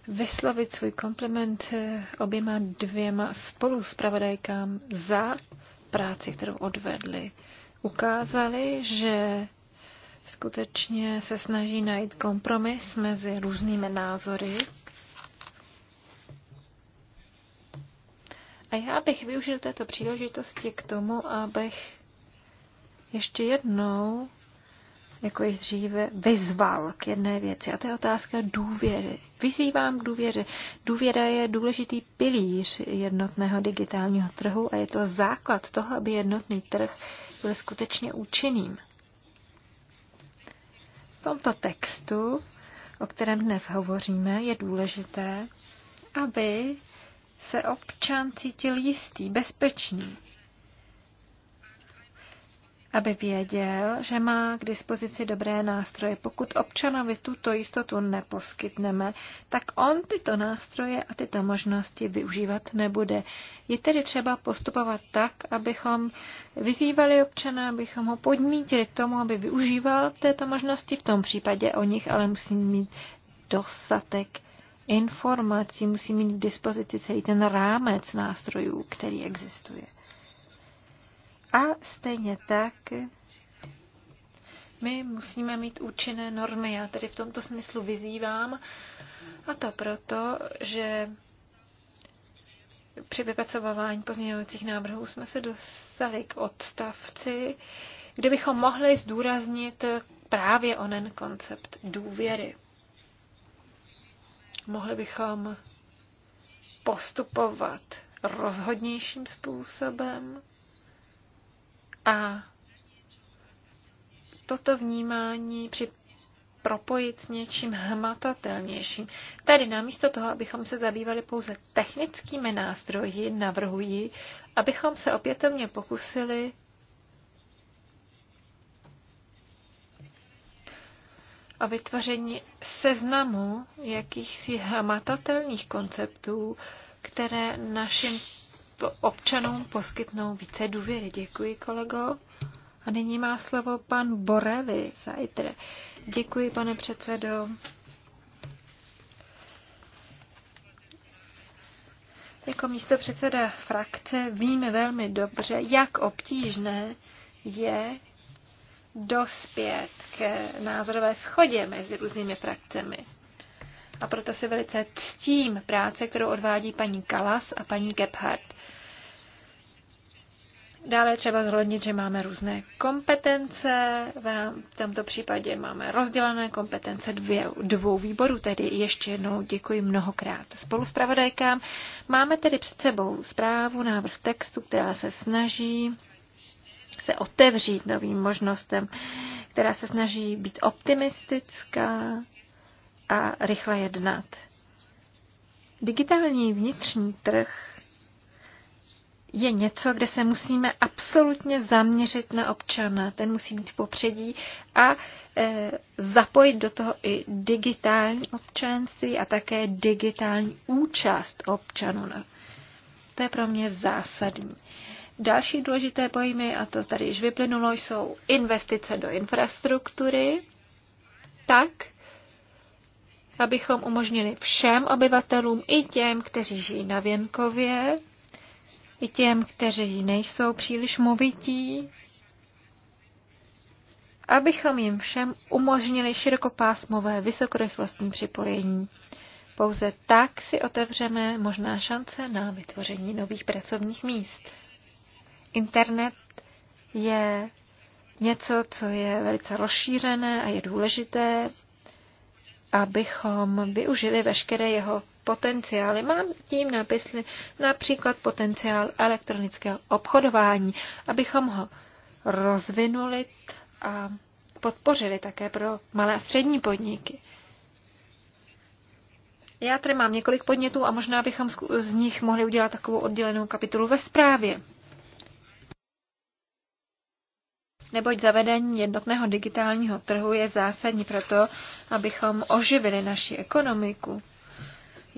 vyslovit svůj kompliment eh, oběma dvěma spoluzpravodajkám za práci, kterou odvedli. Ukázali, že skutečně se snaží najít kompromis mezi různými názory. A já bych využil této příležitosti k tomu, abych ještě jednou jako již dříve, vyzval k jedné věci, a to je otázka důvěry. Vyzývám k důvěře. Důvěra je důležitý pilíř jednotného digitálního trhu a je to základ toho, aby jednotný trh byl skutečně účinným. V tomto textu, o kterém dnes hovoříme, je důležité, aby se občan cítil jistý, bezpečný, aby věděl, že má k dispozici dobré nástroje. Pokud občanovi tuto jistotu neposkytneme, tak on tyto nástroje a tyto možnosti využívat nebude. Je tedy třeba postupovat tak, abychom vyzývali občana, abychom ho podmítili k tomu, aby využíval této možnosti. V tom případě o nich ale musí mít dostatek informací, musí mít k dispozici celý ten rámec nástrojů, který existuje. A stejně tak my musíme mít účinné normy. Já tedy v tomto smyslu vyzývám, a to proto, že při vypracovávání pozměňovacích návrhů jsme se dostali k odstavci, kde bychom mohli zdůraznit právě onen koncept důvěry. Mohli bychom postupovat rozhodnějším způsobem, a toto vnímání při propojit s něčím hmatatelnějším. Tady namísto toho, abychom se zabývali pouze technickými nástroji, navrhuji, abychom se opětovně pokusili o vytvoření seznamu jakýchsi hmatatelných konceptů, které našim občanům poskytnou více důvěry. Děkuji, kolego. A nyní má slovo pan Borelli Zajtr. Děkuji, pane předsedo. Jako místo předseda frakce víme velmi dobře, jak obtížné je dospět k názorové schodě mezi různými frakcemi a proto si velice ctím práce, kterou odvádí paní Kalas a paní Gebhardt. Dále třeba zhodnit, že máme různé kompetence. V tomto případě máme rozdělené kompetence dvě, dvou výborů, tedy ještě jednou děkuji mnohokrát spolu s pravodajkám. Máme tedy před sebou zprávu, návrh textu, která se snaží se otevřít novým možnostem, která se snaží být optimistická, a rychle jednat. Digitální vnitřní trh je něco, kde se musíme absolutně zaměřit na občana. Ten musí být v popředí a e, zapojit do toho i digitální občanství a také digitální účast občanů. No, to je pro mě zásadní. Další důležité pojmy, a to tady již vyplynulo, jsou investice do infrastruktury, tak, abychom umožnili všem obyvatelům, i těm, kteří žijí na věnkově, i těm, kteří nejsou příliš movití, abychom jim všem umožnili širokopásmové vysokorychlostní připojení. Pouze tak si otevřeme možná šance na vytvoření nových pracovních míst. Internet je něco, co je velice rozšířené a je důležité abychom využili veškeré jeho potenciály. Mám tím na mysli například potenciál elektronického obchodování, abychom ho rozvinuli a podpořili také pro malé a střední podniky. Já tady mám několik podnětů a možná bychom z nich mohli udělat takovou oddělenou kapitolu ve zprávě. neboť zavedení jednotného digitálního trhu je zásadní pro to, abychom oživili naši ekonomiku.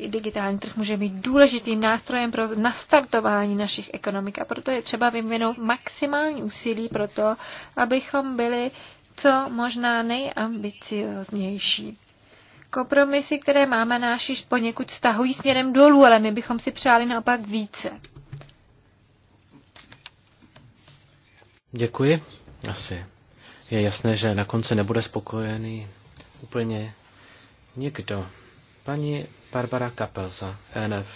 Digitální trh může být důležitým nástrojem pro nastartování našich ekonomik a proto je třeba vyvinout maximální úsilí pro to, abychom byli co možná nejambicioznější. Kompromisy, které máme náš, poněkud stahují směrem dolů, ale my bychom si přáli naopak více. Děkuji. Asi je jasné, že na konci nebude spokojený úplně nikdo. Paní Barbara Kapelza, za ENF.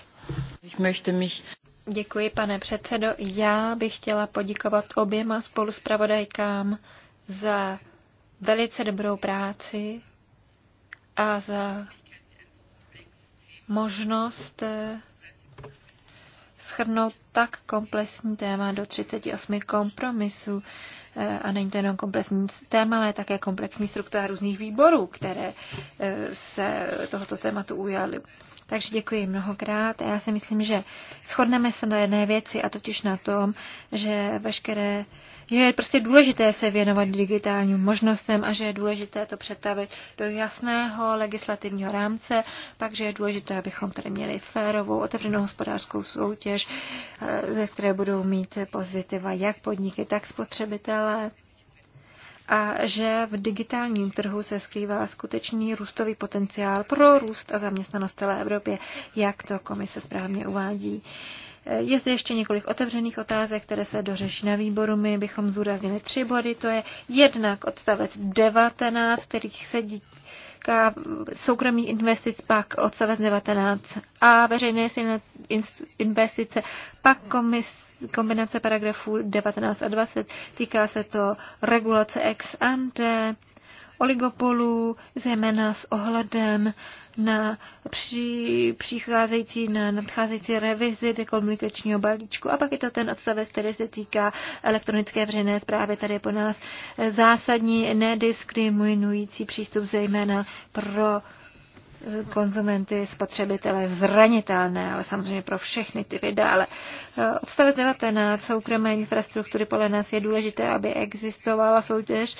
Ich Děkuji, pane předsedo. Já bych chtěla poděkovat oběma spoluspravodajkám za velice dobrou práci a za možnost eh, schrnout tak komplexní téma do 38 kompromisů. Eh, a není to jenom komplexní téma, ale také komplexní struktura různých výborů, které eh, se tohoto tématu ujaly. Takže děkuji mnohokrát. Já si myslím, že shodneme se na jedné věci a totiž na tom, že veškeré že je prostě důležité se věnovat digitálním možnostem a že je důležité to přetavit do jasného legislativního rámce, pak, že je důležité, abychom tady měli férovou, otevřenou hospodářskou soutěž, eh, ze které budou mít pozitiva jak podniky, tak spotřebitelé a že v digitálním trhu se skrývá skutečný růstový potenciál pro růst a zaměstnanost celé Evropě, jak to komise správně uvádí. Je zde ještě několik otevřených otázek, které se dořeší na výboru. My bychom zúraznili tři body. To je jednak odstavec 19, který se dí, týká soukromých investic, pak odstavec 19 a veřejné investice, pak komis, kombinace paragrafů 19 a 20, týká se to regulace ex ante, oligopolů, zejména s ohledem na při, přicházející, na nadcházející revizi dekomunikačního balíčku. A pak je to ten odstavec, který se týká elektronické veřejné zprávy. Tady je po nás zásadní nediskriminující přístup, zejména pro konzumenty, spotřebitele zranitelné, ale samozřejmě pro všechny typy dále. Eh, odstavec 19 soukromé infrastruktury podle nás je důležité, aby existovala soutěž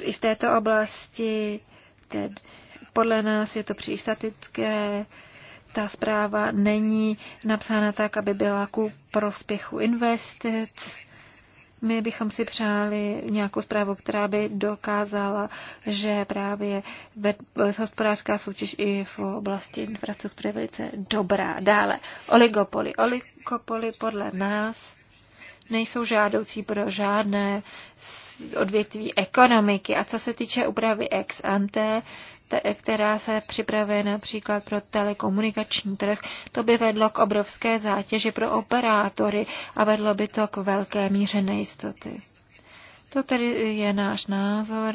i v této oblasti. Tedy podle nás je to příliš statické, ta zpráva není napsána tak, aby byla ku prospěchu investic. My bychom si přáli nějakou zprávu, která by dokázala, že právě hospodářská soutěž i v oblasti infrastruktury je velice dobrá. Dále oligopoly. Oligopoly podle nás nejsou žádoucí pro žádné odvětví ekonomiky. A co se týče úpravy ex ante, která se připravuje například pro telekomunikační trh, to by vedlo k obrovské zátěži pro operátory a vedlo by to k velké míře nejistoty. To tedy je náš názor.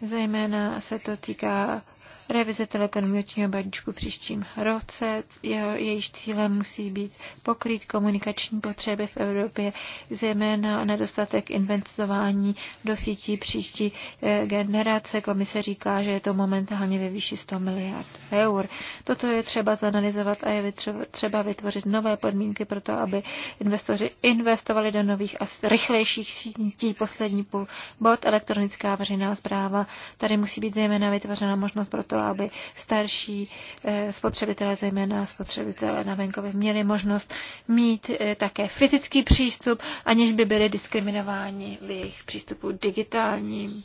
Zejména se to týká revize telekonomičního balíčku příštím roce. Jeho, jejíž cílem musí být pokrýt komunikační potřeby v Evropě, zejména nedostatek investování do sítí příští eh, generace. Komise říká, že je to momentálně ve výši 100 miliard eur. Toto je třeba zanalizovat a je třeba vytvořit nové podmínky pro to, aby investoři investovali do nových a rychlejších sítí. Poslední půl bod, elektronická veřejná zpráva. Tady musí být zejména vytvořena možnost pro to, to, aby starší eh, spotřebitelé, zejména spotřebitelé na venkově, měli možnost mít eh, také fyzický přístup, aniž by byli diskriminováni v jejich přístupu digitálním.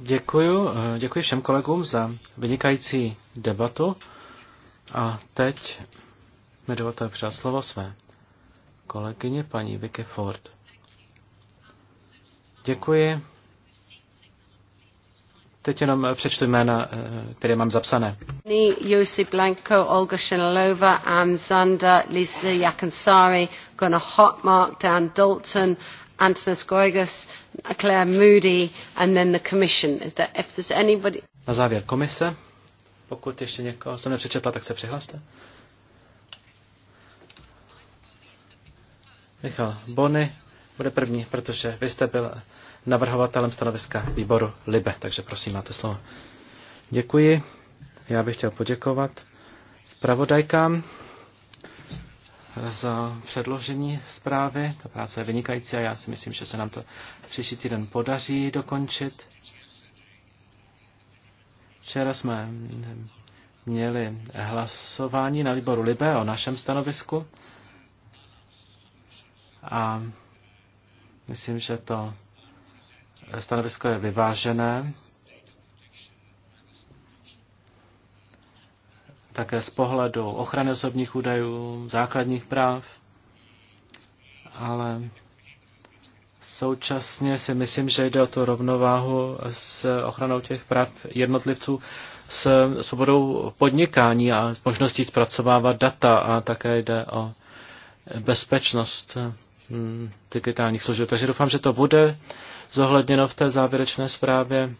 Děkuji, eh, děkuji všem kolegům za vynikající debatu. A teď mi dovolte přát slovo své kolegyně paní Vicky Ford. Děkuji. Teď jenom eh, přečtu jména, eh, které mám zapsané. Jussi Blanco, Olga Shenalova, Ann Zander, Lisa Yakansari, Gunnar Hotmark, Dan Dalton, Antonis Goigas, Claire Moody and then the Commission. If there's anybody... Na závěr komise. Pokud ještě někoho jsem nepřečetla, tak se přihlaste. Michal Bony bude první, protože vy jste byl navrhovatelem stanoviska výboru LIBE. Takže prosím, máte slovo. Děkuji. Já bych chtěl poděkovat zpravodajkám za předložení zprávy. Ta práce je vynikající a já si myslím, že se nám to příští týden podaří dokončit. Včera jsme měli hlasování na výboru Libe o našem stanovisku a myslím, že to stanovisko je vyvážené. Také z pohledu ochrany osobních údajů, základních práv, ale Současně si myslím, že jde o tu rovnováhu s ochranou těch práv jednotlivců, s svobodou podnikání a s možností zpracovávat data a také jde o bezpečnost Mm, digitálních služeb. Takže doufám, že to bude zohledněno v té závěrečné zprávě.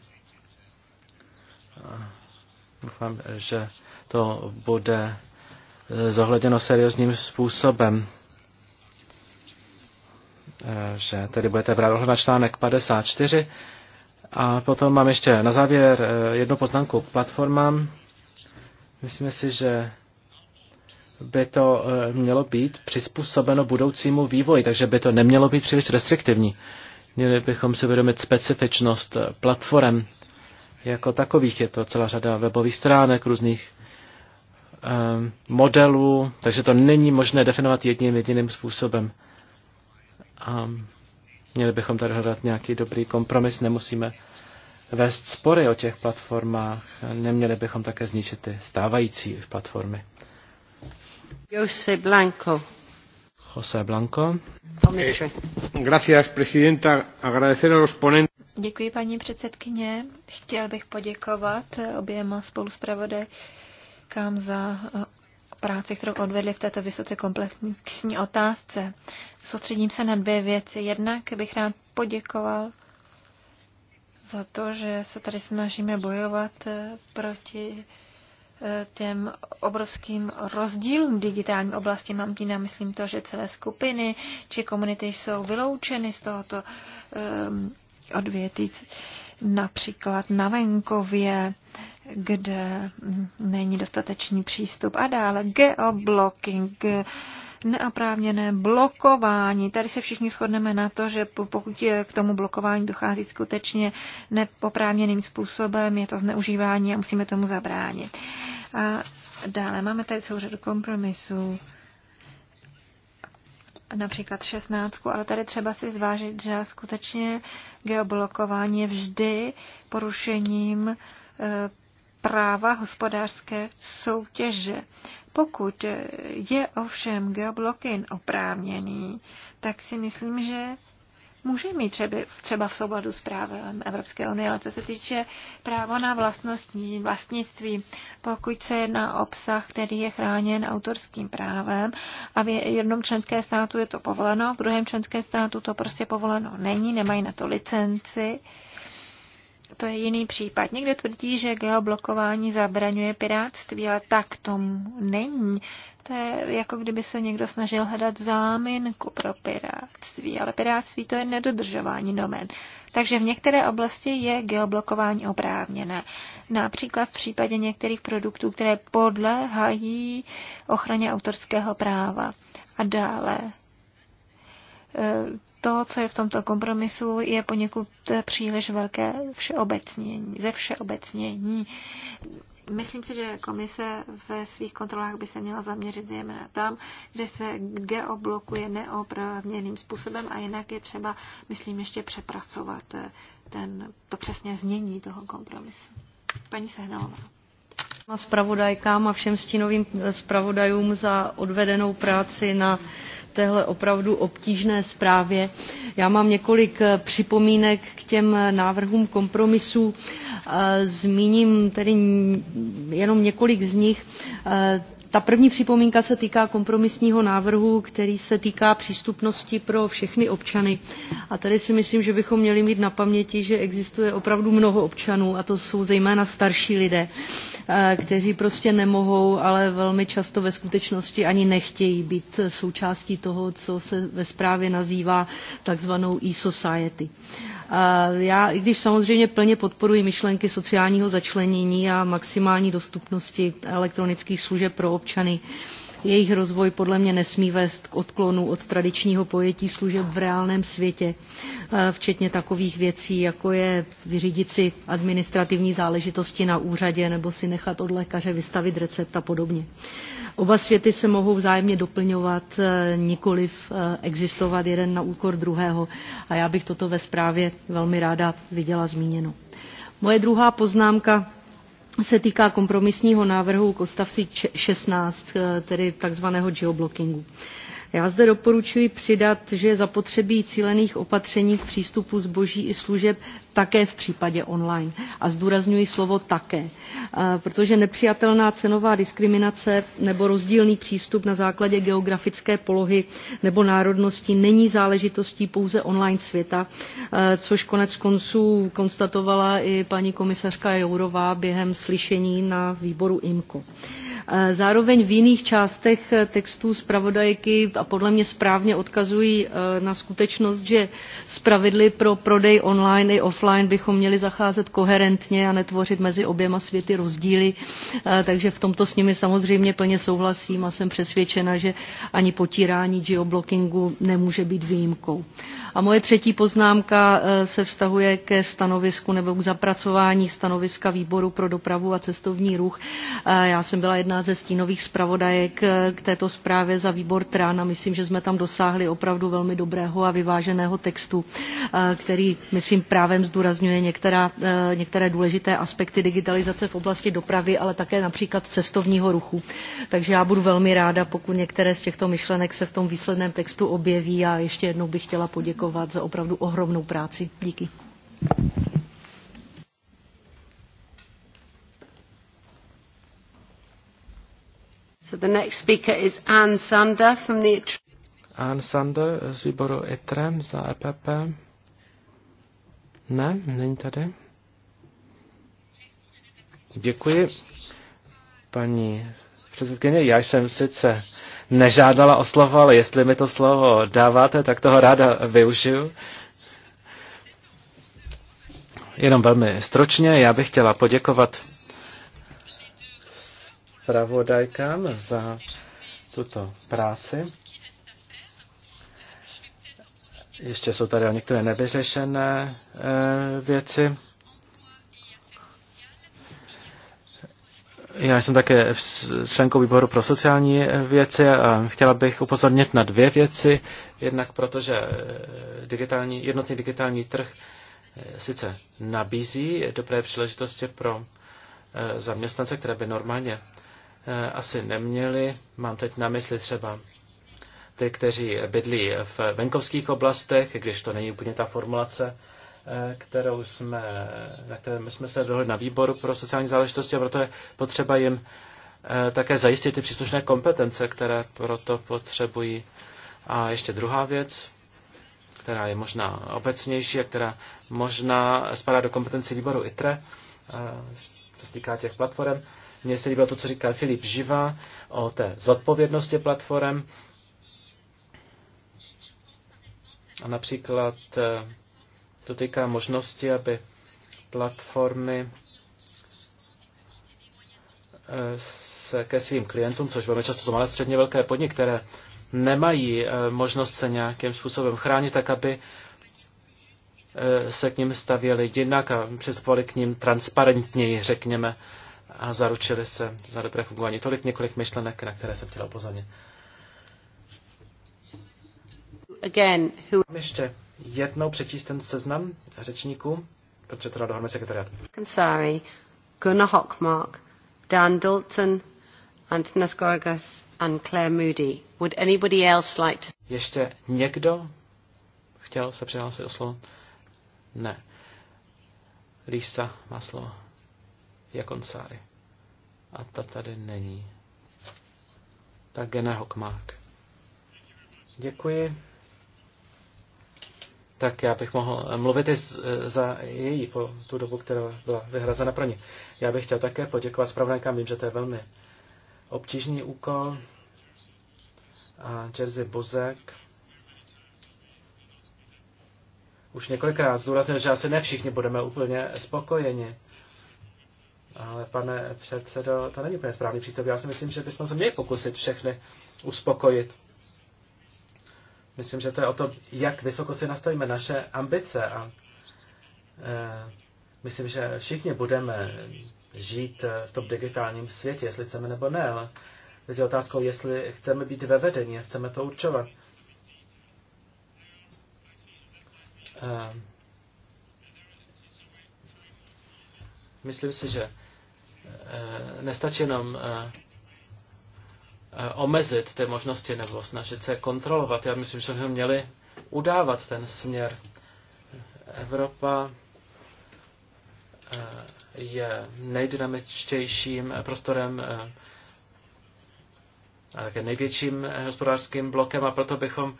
Doufám, že to bude eh, zohledněno seriózním způsobem. Eh, že tedy budete brát ohled na článek 54. A potom mám ještě na závěr eh, jednu poznámku k platformám. Myslím si, že by to eh, mělo být přizpůsobeno budoucímu vývoji, takže by to nemělo být příliš restriktivní. Měli bychom si vědomit specifičnost eh, platform jako takových. Je to celá řada webových stránek, různých eh, modelů, takže to není možné definovat jedním jediným způsobem. A měli bychom tady hledat nějaký dobrý kompromis, nemusíme vést spory o těch platformách, neměli bychom také zničit ty stávající platformy. Jose Blanco. José Blanco. Eh, gracias, presidenta. Agradecer a los ponentes. Děkuji, paní předsedkyně. Chtěl bych poděkovat eh, oběma spoluzpravodajkám za eh, práci, kterou odvedli v této vysoce komplexní otázce. Soustředím se na dvě věci. Jednak bych rád poděkoval za to, že se tady snažíme bojovat proti těm obrovským rozdílům digitální oblasti. Mám tím na myslím to, že celé skupiny či komunity jsou vyloučeny z tohoto um, odvětví. Například na venkově, kde není dostatečný přístup. A dále geoblocking, neoprávněné blokování. Tady se všichni shodneme na to, že pokud k tomu blokování dochází skutečně nepoprávněným způsobem, je to zneužívání a musíme tomu zabránit. Uh, a dále máme tady celou řadu kompromisů například 16, ale tady třeba si zvážit, že skutečně geoblokování je vždy porušením eh, práva hospodářské soutěže. Pokud je ovšem geoblokin oprávněný, tak si myslím, že může mít třeba, třeba v souladu s právem Evropské unie, ale co se týče práva na vlastnostní, vlastnictví, pokud se jedná obsah, který je chráněn autorským právem a v jednom členské státu je to povoleno, v druhém členském státu to prostě povoleno není, nemají na to licenci, to je jiný případ. Někdo tvrdí, že geoblokování zabraňuje pirátství, ale tak tomu není je jako kdyby se někdo snažil hledat záminku pro piráctví, ale piráctví to je nedodržování domen. Takže v některé oblasti je geoblokování oprávněné. Například v případě některých produktů, které podléhají ochraně autorského práva. A dále eh, to, co je v tomto kompromisu, je poněkud příliš velké všeobecnění, ze všeobecnění. Myslím si, že komise ve svých kontrolách by se měla zaměřit zejména tam, kde se geoblokuje neoprávněným způsobem a jinak je třeba, myslím, ještě přepracovat eh, ten, to přesně znění toho kompromisu. Paní Sehnalová. Spravodajkám a všem stínovým spravodajům eh, za odvedenou práci na téhle opravdu obtížné zprávě. Já mám několik eh, připomínek k těm eh, návrhům kompromisů. Eh, zmíním tedy jenom několik z nich ta první připomínka se týká kompromisního návrhu, který se týká přístupnosti pro všechny občany. A tady si myslím, že bychom měli mít na paměti, že existuje opravdu mnoho občanů, a to jsou zejména starší lidé, eh, kteří prostě nemohou, ale velmi často ve skutečnosti ani nechtějí být součástí toho, co se ve zprávě nazývá takzvanou e-society. Eh, já, i když samozřejmě plně podporuji myšlenky sociálního začlenění a maximální dostupnosti elektronických služeb pro občany, občany. Jejich rozvoj podle mě nesmí vést k odklonu od tradičního pojetí služeb v reálném světě, eh, včetně takových věcí, jako je vyřídit si administrativní záležitosti na úřadě nebo si nechat od lékaře vystavit recept a podobně. Oba světy se mohou vzájemně doplňovat, eh, nikoliv eh, existovat jeden na úkor druhého a já bych toto ve zprávě velmi ráda viděla zmíněno. Moje druhá poznámka se týká kompromisního návrhu k odstavci 16, eh, tedy takzvaného geoblockingu. Já zde doporučuji přidat, že je zapotřebí cílených opatření k přístupu zboží i služeb také v případě online. A zdůrazňuji slovo také, eh, protože nepřijatelná cenová diskriminace nebo rozdílný přístup na základě geografické polohy nebo národnosti není záležitostí pouze online světa, eh, což konec konců konstatovala i paní komisařka Jourová během slyšení na výboru IMCO. Eh, zároveň v jiných částech textů zpravodajky a podle mě správně odkazují eh, na skutečnost, že s pravidly pro prodej online i offline bychom měli zacházet koherentně a netvořit mezi oběma světy rozdíly. Eh, takže v tomto s nimi samozřejmě plně souhlasím a jsem přesvědčena, že ani potírání geoblockingu nemůže být výjimkou. A moje třetí poznámka eh, se vztahuje ke stanovisku nebo k zapracování stanoviska výboru pro dopravu a cestovní ruch. Já jsem byla jedna ze stínových zpravodajek k této zprávě za výbor TRAN a myslím, že jsme tam dosáhli opravdu velmi dobrého a vyváženého textu, eh, který, myslím, právem zdůrazňuje některá, eh, některé důležité aspekty digitalizace v oblasti dopravy, ale také například cestovního ruchu. Takže já budu velmi ráda, pokud některé z těchto myšlenek se v tom výsledném textu objeví a ještě jednou bych chtěla poděkovat za opravdu ohromnou práci. Díky. So the next speaker is Ann Sander from the... Ann Sander z výboru ITRE za EPP. Ne, není tady. Děkuji, paní předsedkyně. Já jsem sice nežádala o slovo, ale jestli mi to slovo dáváte, tak toho ráda využiju. Jenom velmi stročně, já bych chtěla poděkovat zpravodajkám za tuto práci. Ještě jsou tady některé nevyřešené eh, věci. Já jsem také členkou výboru pro sociální eh, věci a chtěla bych upozornit na dvě věci. Jednak protože eh, digitální, jednotný digitální trh sice nabízí dobré příležitosti pro zaměstnance, které by normálně Eh, asi neměli. Mám teď na mysli třeba ty, kteří bydlí v venkovských oblastech, když to není úplně ta formulace, eh, kterou jsme, na které jsme se dohodli na výboru pro sociální záležitosti a proto je potřeba jim eh, také zajistit ty příslušné kompetence, které proto potřebují. A ještě druhá věc, která je možná obecnější a která možná spadá do kompetenci výboru ITRE, to se týká těch platform, mně se líbilo to, co říkal Filip Živa o té zodpovědnosti platform. A například eh, to týká možnosti, aby platformy eh, se ke svým klientům, což velmi často jsou malé středně velké podniky, které nemají eh, možnost se nějakým způsobem chránit, tak aby se k ním stavěli jinak a přistupovali k ním transparentněji, řekněme a zaručili se za dobré fungování. Tolik několik myšlenek, na které jsem chtěla upozornit. Again, who... Ještě jednou přečíst ten seznam řečníků, protože to dohromady sekretariat. Kansari, Gunnar Hockmark, Dan Dalton, Antonas Gorgas and Claire Moody. Would anybody else like to... Ještě někdo chtěl se přihlásit o slovo? Ne. Lisa má slovo. Jakoncáry. A ta tady není. Tak Gena Hokmák. Děkuji. Tak já bych mohl mluvit i za její po tu dobu, která byla vyhrazena pro ně. Já bych chtěl také poděkovat zpravodajkám, vím, že to je velmi obtížný úkol. A Jerzy Bozek už několikrát zdůraznil, že asi ne všichni budeme úplně spokojeni ale pane předsedo, to není úplně správný přístup. Já si myslím, že bychom se měli pokusit všechny uspokojit. Myslím, že to je o to, jak vysoko si nastavíme naše ambice a e, myslím, že všichni budeme žít v tom digitálním světě, jestli chceme nebo ne, ale teď je otázkou, jestli chceme být ve vedení a chceme to určovat. E, myslím si, že Eh, nestačí jenom eh, eh, omezit ty možnosti nebo snažit se kontrolovat. Já myslím, že bychom měli udávat ten směr. Evropa je nejdynamičtějším prostorem a také největším hospodářským blokem a proto bychom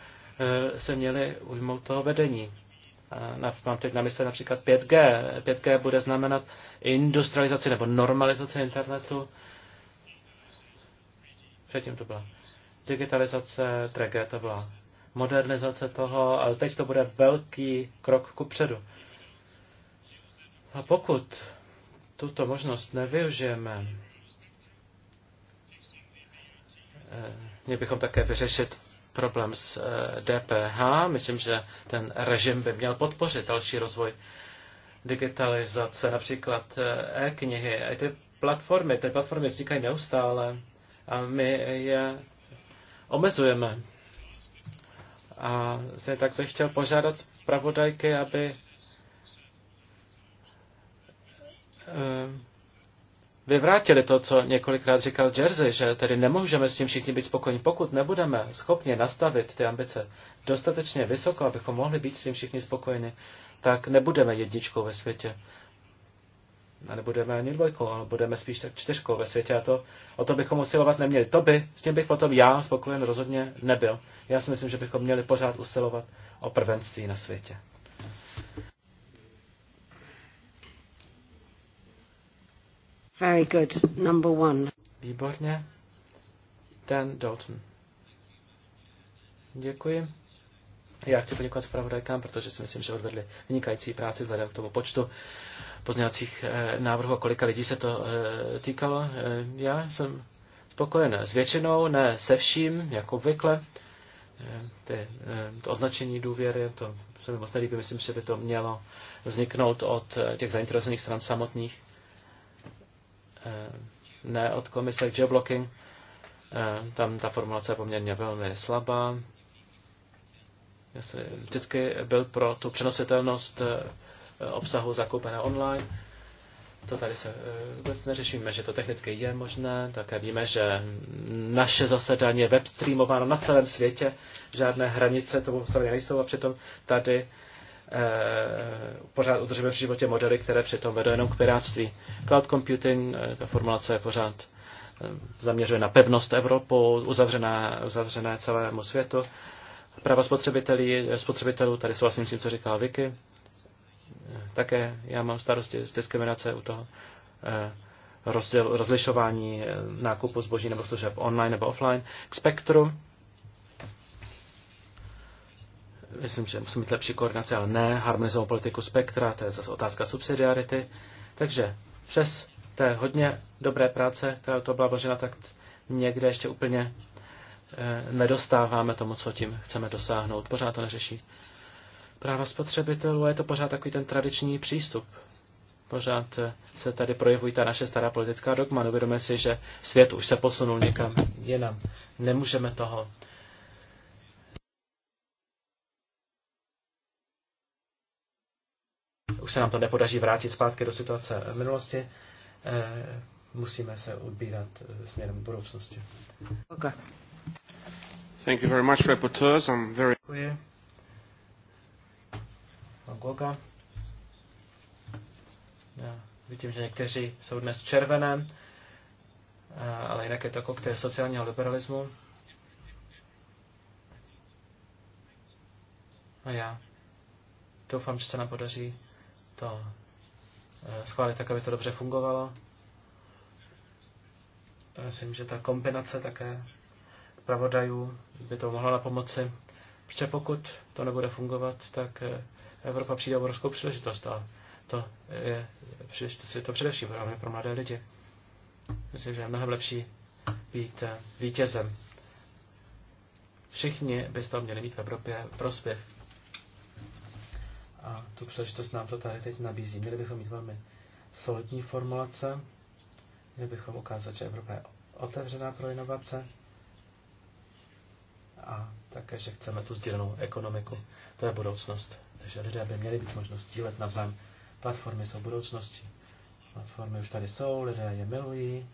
se měli ujmout toho vedení. Eh, mám teď na mysli například 5G. 5G bude znamenat industrializaci nebo normalizaci internetu. Předtím to byla digitalizace, 3G to byla modernizace toho, ale teď to bude velký krok ku předu. A pokud tuto možnost nevyužijeme, eh, měli bychom také vyřešit problém s DPH. Eh, Myslím, že ten režim by měl podpořit další rozvoj digitalizace, například eh, e-knihy. ty platformy, ty platformy vznikají neustále a my je omezujeme. A se tak bych chtěl požádat zpravodajky, aby eh, vyvrátili to, co několikrát říkal Jersey, že tedy nemůžeme s tím všichni být spokojeni, pokud nebudeme schopni nastavit ty ambice dostatečně vysoko, abychom mohli být s tím všichni spokojeni, tak nebudeme jedničkou ve světě. A nebudeme ani dvojkou, ale budeme spíš tak čtyřkou ve světě a to, o to bychom usilovat neměli. To by, s tím bych potom já spokojen rozhodně nebyl. Já si myslím, že bychom měli pořád usilovat o prvenství na světě. Very good. Number one. Výborně. Dan Dalton. Děkuji. Já chci poděkovat zpravodajkám, protože si myslím, že odvedli vynikající práci vzhledem k tomu počtu pozměňovacích eh, návrhů a kolika lidí se to eh, týkalo. Eh, já jsem spokojen s většinou, ne se vším, jako obvykle. Ty, to označení důvěry, to se mi moc nelíbí, myslím, že by to mělo vzniknout od těch zainteresovaných stran samotných. Eh, ne od komise k geoblocking. Eh, tam ta formulace je poměrně velmi slabá. Já jsem vždycky byl pro tu přenositelnost eh, obsahu zakoupené online. To tady se vůbec neřešíme, že to technicky je možné. Také víme, že naše zasedání je webstreamováno na celém světě. Žádné hranice tomu stavěny nejsou a přitom tady Eh, pořád udržujeme v životě modely, které přitom vedou jenom k piráctví. Cloud computing, eh, ta formulace je pořád eh, zaměřuje na pevnost Evropu, uzavřená, uzavřené celému světu. Práva spotřebitelů, tady souhlasím s tím, co říkala Vicky. Také já mám starosti z diskriminace u toho rozděl, rozlišování nákupu zboží nebo služeb online nebo offline. K spektru Myslím, že musí mít lepší koordinaci, ale ne harmonizovanou politiku spektra, to je zase otázka subsidiarity. Takže přes té hodně dobré práce, která to byla vložena, tak někde ještě úplně eh, nedostáváme tomu, co tím chceme dosáhnout. Pořád to neřeší. Práva spotřebitelů, je to pořád takový ten tradiční přístup. Pořád eh, se tady projevují ta naše stará politická dogma. Uvědomujeme si, že svět už se posunul někam jinam. Nemůžeme toho už se nám to nepodaří vrátit zpátky do situace minulosti, eh, musíme se odbírat eh, směrem k budoucnosti. Okay. Thank you very much, rapporteurs. I'm very... Děkuji. Goga. Já vidím, že někteří jsou dnes v červeném, eh, ale jinak je to koktejl sociálního liberalismu. A já doufám, že se nám podaří to eh, schválit tak, aby to dobře fungovalo. Myslím, že ta kombinace také pravodajů by to mohla na pomoci. Protože pokud to nebude fungovat, tak eh, Evropa přijde obrovskou příležitost a to je příležitost je to především právě pro mladé lidi. Myslím, že je mnohem lepší být eh, vítězem. Všichni by z toho měli mít v Evropě prospěch a tu příležitost nám to tady teď nabízí. Měli bychom mít velmi solidní formulace, měli bychom ukázat, že Evropa je otevřená pro inovace a také, že chceme tu sdílenou ekonomiku. To je budoucnost. Takže lidé by měli být možnost sdílet navzájem. Platformy jsou budoucnosti. Platformy už tady jsou, lidé je milují,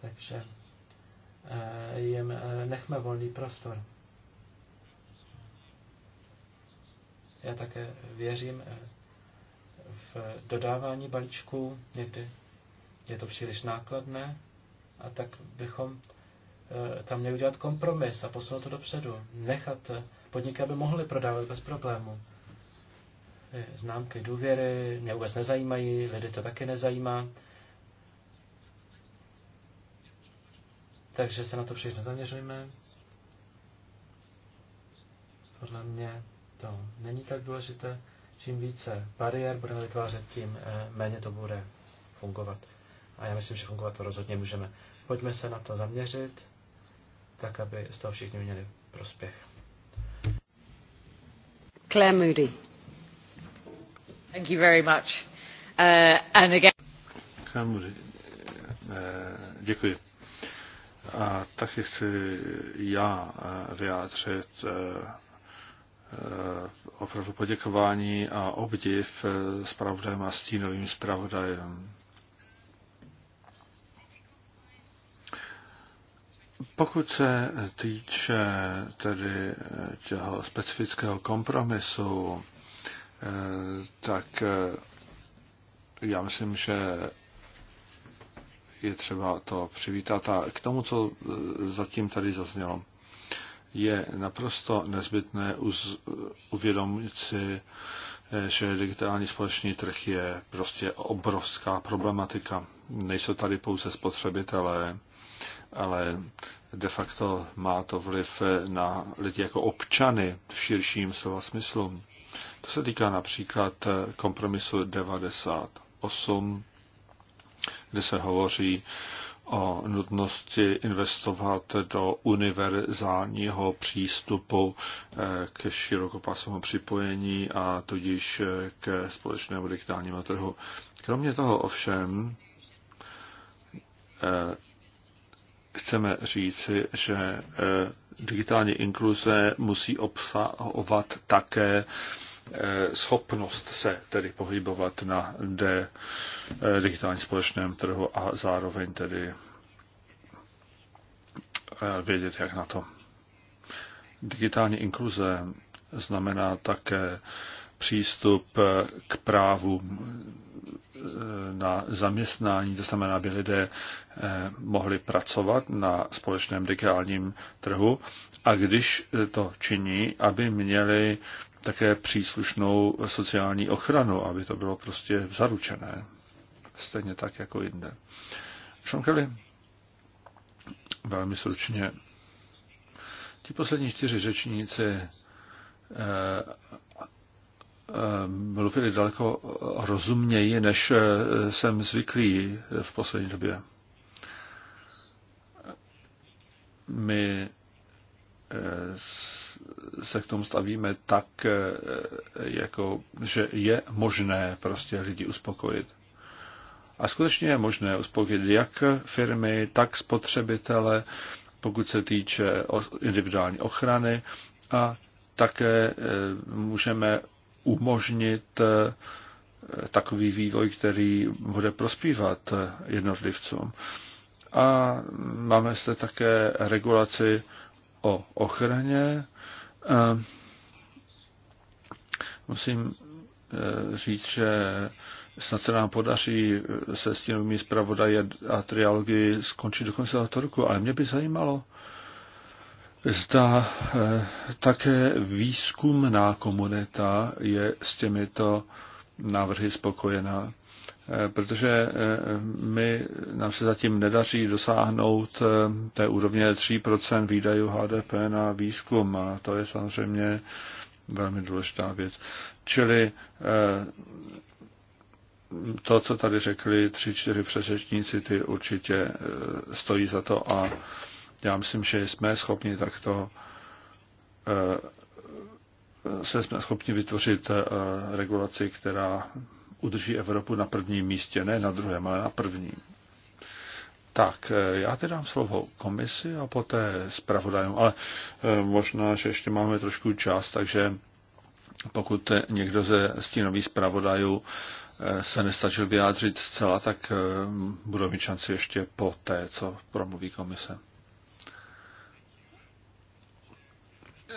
takže eh, jim eh, nechme volný prostor. Já také věřím eh, v dodávání balíčků. Někdy je to příliš nákladné a tak bychom eh, tam měli udělat kompromis a posunout to dopředu. Nechat eh, podniky, aby mohli prodávat bez problému. Známky důvěry mě vůbec nezajímají, lidi to taky nezajímá. Takže se na to příliš nezaměřujeme. Podle mě to není tak důležité. Čím více bariér budeme vytvářet, tím eh, méně to bude fungovat. A já myslím, že fungovat to rozhodně můžeme. Pojďme se na to zaměřit, tak aby z toho všichni měli prospěch. Claire Moody. Thank you very much. Uh, and again... Claire Moody. Uh, děkuji. A taky chci já vyjádřit uh, Eh, opravdu poděkování a obdiv eh, zpravodajem a stínovým zpravodajem. Pokud se týče tedy eh, těho specifického kompromisu, tak já myslím, že je třeba to přivítat. A k tomu, co zatím tady zaznělo je naprosto nezbytné uz, uvědomit si, eh, že digitální společný trh je prostě obrovská problematika. Nejsou tady pouze spotřebitelé, ale de facto má to vliv eh, na lidi jako občany v širším slova smyslu. To se týká například eh, kompromisu 98, kde se hovoří o nutnosti investovat do univerzálního přístupu eh, k širokopásovému připojení a tudíž eh, ke společnému digitálnímu trhu. Kromě toho ovšem eh, chceme říci, že digitální inkluze musí obsahovat také Eh, schopnost se tedy pohybovat na D eh, digitálním společném trhu a zároveň tedy eh, vědět, jak na to. Digitální inkluze znamená také přístup k právu na zaměstnání, to znamená, aby lidé mohli pracovat na společném digitálním trhu a když to činí, aby měli také příslušnou sociální ochranu, aby to bylo prostě zaručené. Stejně tak jako jinde. Šonkeli, velmi stručně. Ti poslední čtyři řečníci eh, eh, mluvili daleko rozumněji, než eh, jsem zvyklý v poslední době. My se k tomu stavíme tak, eh, jako, že je možné prostě lidi uspokojit. A skutečně je možné uspokojit jak firmy, tak spotřebitele, pokud se týče individuální ochrany a také eh, můžeme umožnit eh, takový vývoj, který bude prospívat jednotlivcům. A máme zde také regulaci o ochraně. Musím e, říct, že snad se nám podaří e, se tím zpravodaje a triálogy skončit do konce tohoto roku, ale mě by zajímalo, zda e, také výzkumná komunita je s těmito návrhy spokojená. Eh, protože eh, my, nám se zatím nedaří dosáhnout eh, té úrovně 3% výdajů HDP na výzkum a to je samozřejmě velmi důležitá věc. Čili to, co tady řekli tři, čtyři přeřečníci, ty určitě stojí za to a já myslím, že jsme schopni takto se jsme schopni vytvořit regulaci, která udrží Evropu na prvním místě, ne na druhém, ale na prvním. Tak, eh, já teď dám slovo komisi a poté zpravodajům, ale eh, možná, že ještě máme trošku čas, takže pokud někdo ze stínových zpravodajů eh, se nestačil vyjádřit zcela, tak budou mít šanci ještě po té, co promluví komise.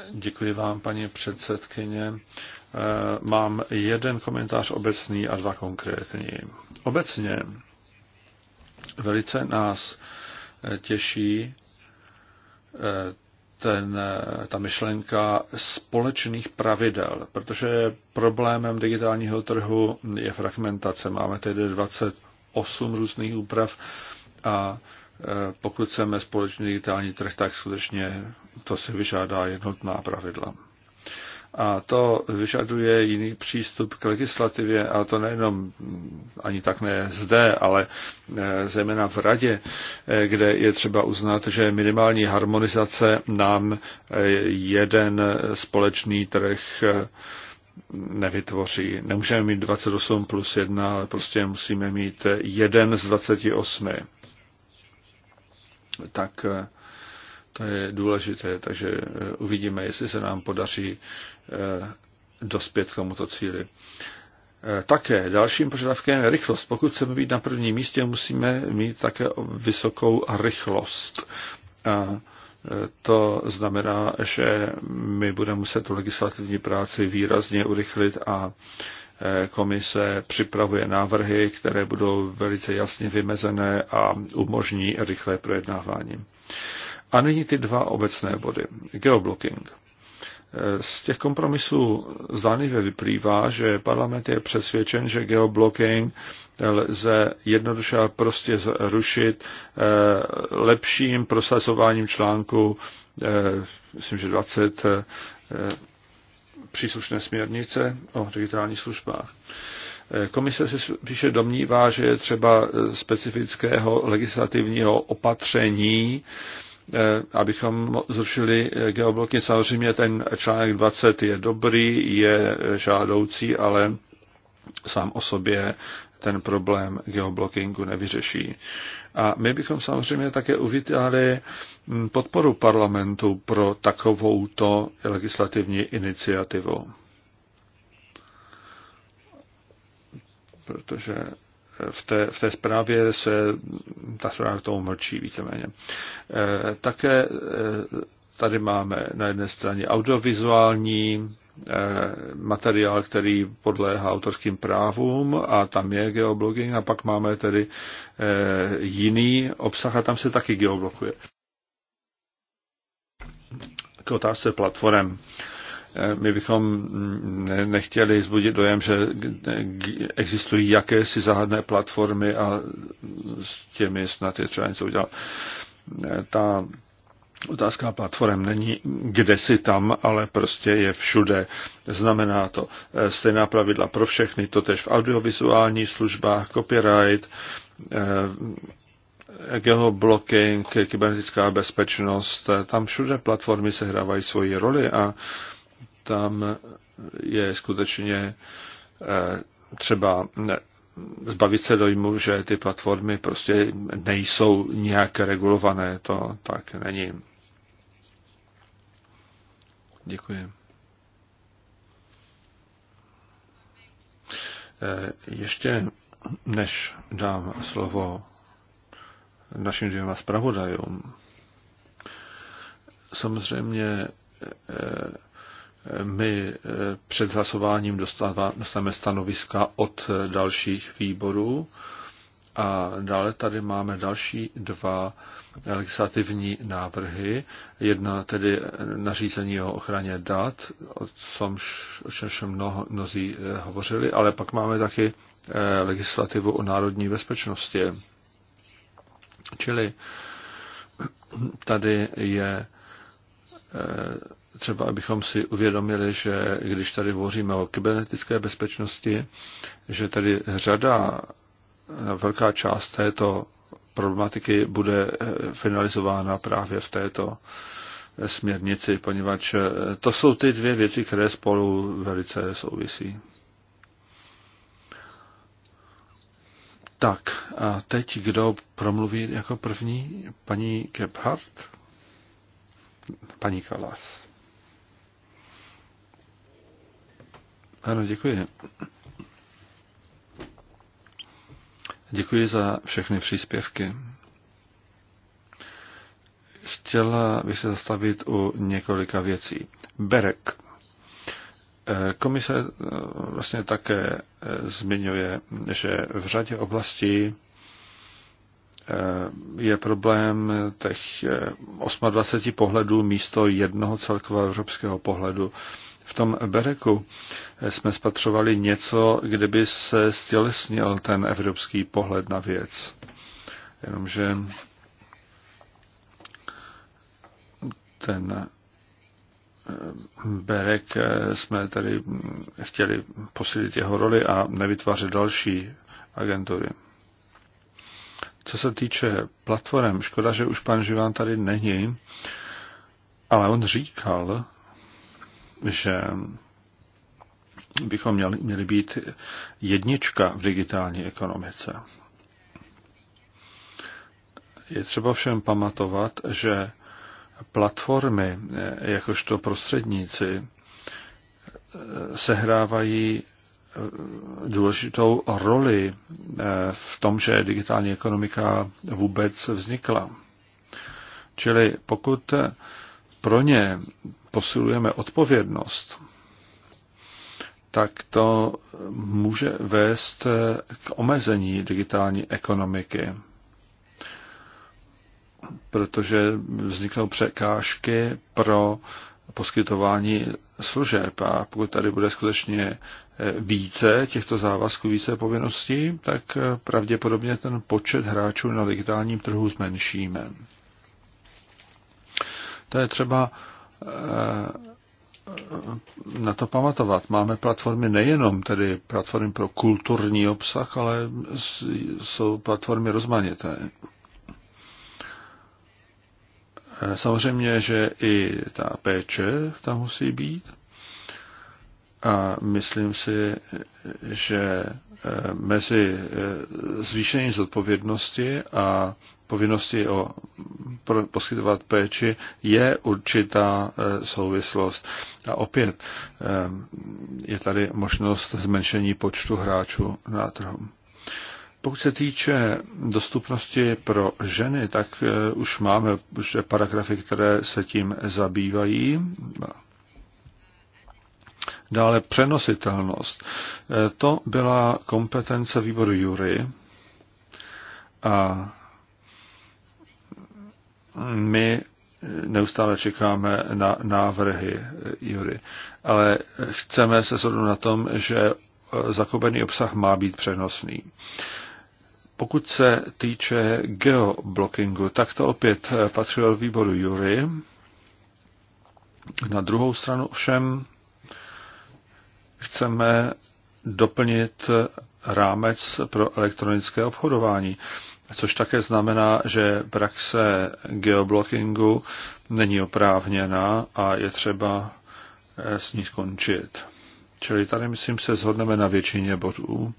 Děkuji vám, paní předsedkyně. Eh, mám jeden komentář obecný a dva konkrétní. Obecně velice nás eh, těší eh, ten, ta myšlenka společných pravidel, protože problémem digitálního trhu je fragmentace. Máme tedy 28 různých úprav a pokud chceme společný digitální trh, tak skutečně to si vyžádá jednotná pravidla. A to vyžaduje jiný přístup k legislativě, a to nejenom ani tak ne zde, ale eh, zejména v radě, eh, kde je třeba uznat, že minimální harmonizace nám eh, jeden společný trh nevytvoří. Nemůžeme mít 28 plus 1, ale prostě musíme mít jeden z 28 tak eh, to je důležité. Takže eh, uvidíme, jestli se nám podaří eh, dospět k tomuto cíli. Také dalším požadavkem je rychlost. Pokud chceme být na prvním místě, musíme mít také vysokou rychlost. A to znamená, že my budeme muset tu legislativní práci výrazně urychlit a komise připravuje návrhy, které budou velice jasně vymezené a umožní rychlé projednávání. A nyní ty dva obecné body. Geoblocking. Z těch kompromisů zdánlivě vyplývá, že parlament je přesvědčen, že geoblocking lze jednoduše a prostě zrušit eh, lepším prosazováním článku, eh, myslím, že 20 příslušné směrnice o digitálních službách. Komise se spíše domnívá, že je třeba specifického legislativního opatření, eh, abychom zrušili geobloky. Samozřejmě ten článek 20 je dobrý, je žádoucí, ale sám o sobě ten problém geoblockingu nevyřeší. A my bychom samozřejmě také uvítali mm, podporu parlamentu pro takovouto legislativní iniciativu. Protože v té, v té zprávě se ta zpráva k tomu mlčí víceméně. E, také e, tady máme na jedné straně audiovizuální Eh, materiál, který podléhá autorským právům a tam je geoblogging a pak máme tedy eh, jiný obsah a tam se taky geoblokuje. K otázce platform. Eh, my bychom mm, nechtěli zbudit dojem, že existují jakési záhadné platformy a s těmi snad je třeba něco udělat. Ta Otázka platform není kde si tam, ale prostě je všude. Znamená to eh, stejná pravidla pro všechny, to v audiovizuálních službách, copyright, eh, blocking, kybernetická bezpečnost, eh, tam všude platformy hrávají svoji roli a tam je skutečně třeba zbavit se dojmu, že ty platformy prostě nejsou nějak regulované, to tak není. Děkuji. Eh, ještě než dám slovo našim dvěma zpravodajům, samozřejmě eh, my eh, před hlasováním dostáváme stanoviska od dalších výborů a dále tady máme další dva legislativní návrhy. Jedna tedy nařízení o ochraně dat, o čemž, o čemž mnoho, mnozí eh, hovořili, ale pak máme taky eh, legislativu o národní bezpečnosti. Čili tady je eh, třeba, abychom si uvědomili, že když tady hovoříme o kybernetické bezpečnosti, že tady řada velká část této problematiky bude eh, finalizována právě v této eh, směrnici, poněvadž eh, to jsou ty dvě věci, které spolu velice souvisí. Tak, a teď kdo promluví jako první? Paní Gebhardt? Paní Kalas. Ano, děkuji. Děkuji za všechny příspěvky. Chtěla bych se zastavit u několika věcí. Berek. Komise vlastně také zmiňuje, že v řadě oblastí je problém těch 28 pohledů místo jednoho celkového evropského pohledu v tom Bereku jsme spatřovali něco, kde by se stělesnil ten evropský pohled na věc. Jenomže ten eh, Berek eh, jsme tady chtěli posílit jeho roli a nevytvářet další agentury. Co se týče platform, škoda, že už pan Živán tady není, ale on říkal, že bychom měli, měli být jednička v digitální ekonomice. Je třeba všem pamatovat, že platformy jakožto prostředníci sehrávají důležitou roli v tom, že digitální ekonomika vůbec vznikla. Čili pokud pro ně posilujeme odpovědnost, tak to může vést k omezení digitální ekonomiky, protože vzniknou překážky pro poskytování služeb. A pokud tady bude skutečně více těchto závazků, více povinností, tak pravděpodobně ten počet hráčů na digitálním trhu zmenšíme. To je třeba Eh, na to pamatovat. Máme platformy nejenom tedy platformy pro kulturní obsah, ale jsou platformy rozmanité. Eh, samozřejmě, že i ta péče tam musí být. A myslím si, že eh, mezi zvýšením zodpovědnosti a povinnosti o poskytovat péči je určitá e, souvislost. A opět e, je tady možnost zmenšení počtu hráčů na trhu. Pokud se týče dostupnosti pro ženy, tak e, už máme už paragrafy, které se tím zabývají. Dále přenositelnost. To byla kompetence výboru jury a my neustále čekáme na návrhy Jury, ale chceme se shodnout na tom, že zakopený obsah má být přenosný. Pokud se týče geoblockingu, tak to opět patřilo výboru Jury. Na druhou stranu všem chceme doplnit rámec pro elektronické obchodování což také znamená, že praxe geoblockingu není oprávněná a je třeba eh, s ní skončit. Čili tady, myslím, se zhodneme na většině bodů.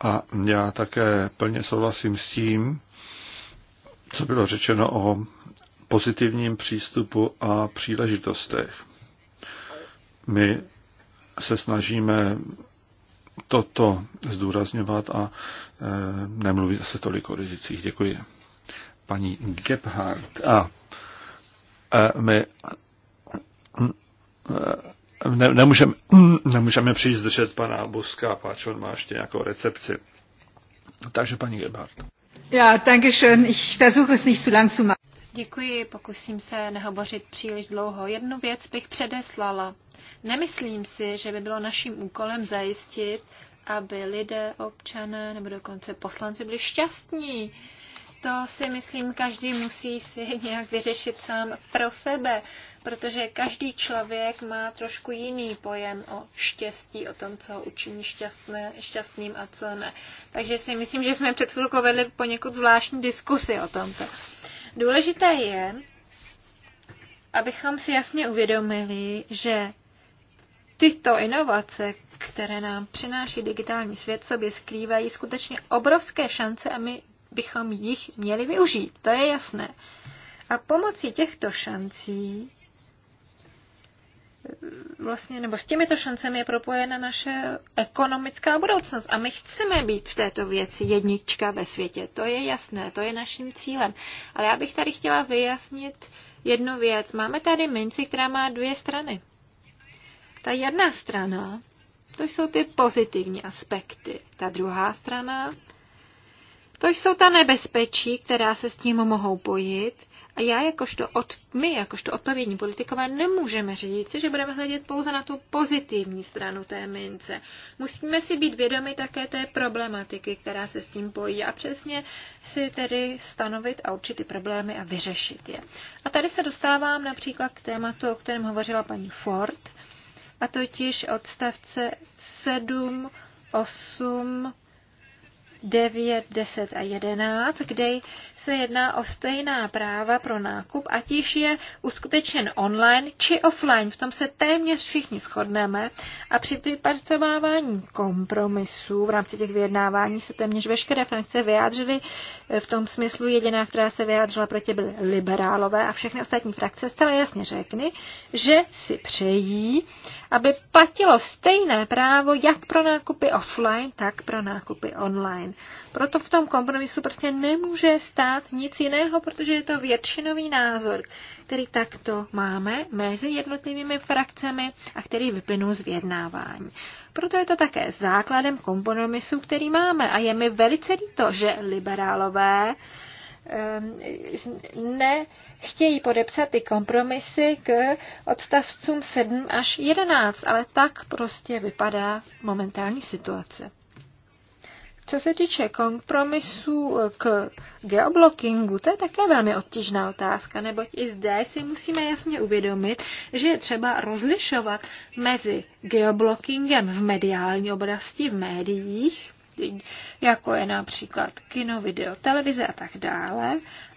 A já také plně souhlasím s tím, co bylo řečeno o pozitivním přístupu a příležitostech. My se snažíme toto zdůrazňovat a e, nemluvit se tolik o rizicích. Děkuji. Paní Gebhardt. A e, my eh, ne, nemůžeme, nemůžeme přijít zdržet pana Buska, páč on má ještě nějakou recepci. Takže paní Gebhardt. Ja, danke schön. Ich versuche es nicht zu lang zu machen. Děkuji, pokusím se nehovořit příliš dlouho. Jednu věc bych předeslala. Nemyslím si, že by bylo naším úkolem zajistit, aby lidé, občané nebo dokonce poslanci byli šťastní. To si myslím, každý musí si nějak vyřešit sám pro sebe, protože každý člověk má trošku jiný pojem o štěstí, o tom, co učiní šťastné, šťastným a co ne. Takže si myslím, že jsme před chvilkou vedli poněkud zvláštní diskusy o tomto. Důležité je, abychom si jasně uvědomili, že tyto inovace, které nám přináší digitální svět, sobě skrývají skutečně obrovské šance a my bychom jich měli využít, to je jasné. A pomocí těchto šancí vlastně, nebo s těmito šancemi je propojena naše ekonomická budoucnost. A my chceme být v této věci jednička ve světě. To je jasné, to je naším cílem. Ale já bych tady chtěla vyjasnit jednu věc. Máme tady minci, která má dvě strany. Ta jedna strana, to jsou ty pozitivní aspekty. Ta druhá strana, to jsou ta nebezpečí, která se s tím mohou pojít. A já jakožto od, my, jakožto odpovědní politikové, nemůžeme říct, že budeme hledět pouze na tu pozitivní stranu té mince. Musíme si být vědomi také té problematiky, která se s tím pojí a přesně si tedy stanovit a určit ty problémy a vyřešit je. A tady se dostávám například k tématu, o kterém hovořila paní Ford, a totiž odstavce 7, 8, 9, 10 a 11, kde se jedná o stejná práva pro nákup, ať již je uskutečen online či offline. V tom se téměř všichni shodneme a při vypracovávání kompromisů v rámci těch vyjednávání se téměř veškeré frakce vyjádřily v tom smyslu jediná, která se vyjádřila proti, byly liberálové a všechny ostatní frakce zcela jasně řekly, že si přejí, aby platilo stejné právo jak pro nákupy offline, tak pro nákupy online. Proto v tom kompromisu prostě nemůže stát nic jiného, protože je to většinový názor, který takto máme mezi jednotlivými frakcemi a který vyplynul z vyjednávání. Proto je to také základem kompromisu, který máme a je mi velice líto, že liberálové ehm, nechtějí podepsat ty kompromisy k odstavcům 7 až 11, ale tak prostě vypadá momentální situace. Co se týče kompromisu eh, k geoblockingu, to je také velmi obtížná otázka, neboť i zde si musíme jasně uvědomit, že je třeba rozlišovat mezi geoblockingem v mediální oblasti, v médiích, jako je například kino, video, televize a tak dále,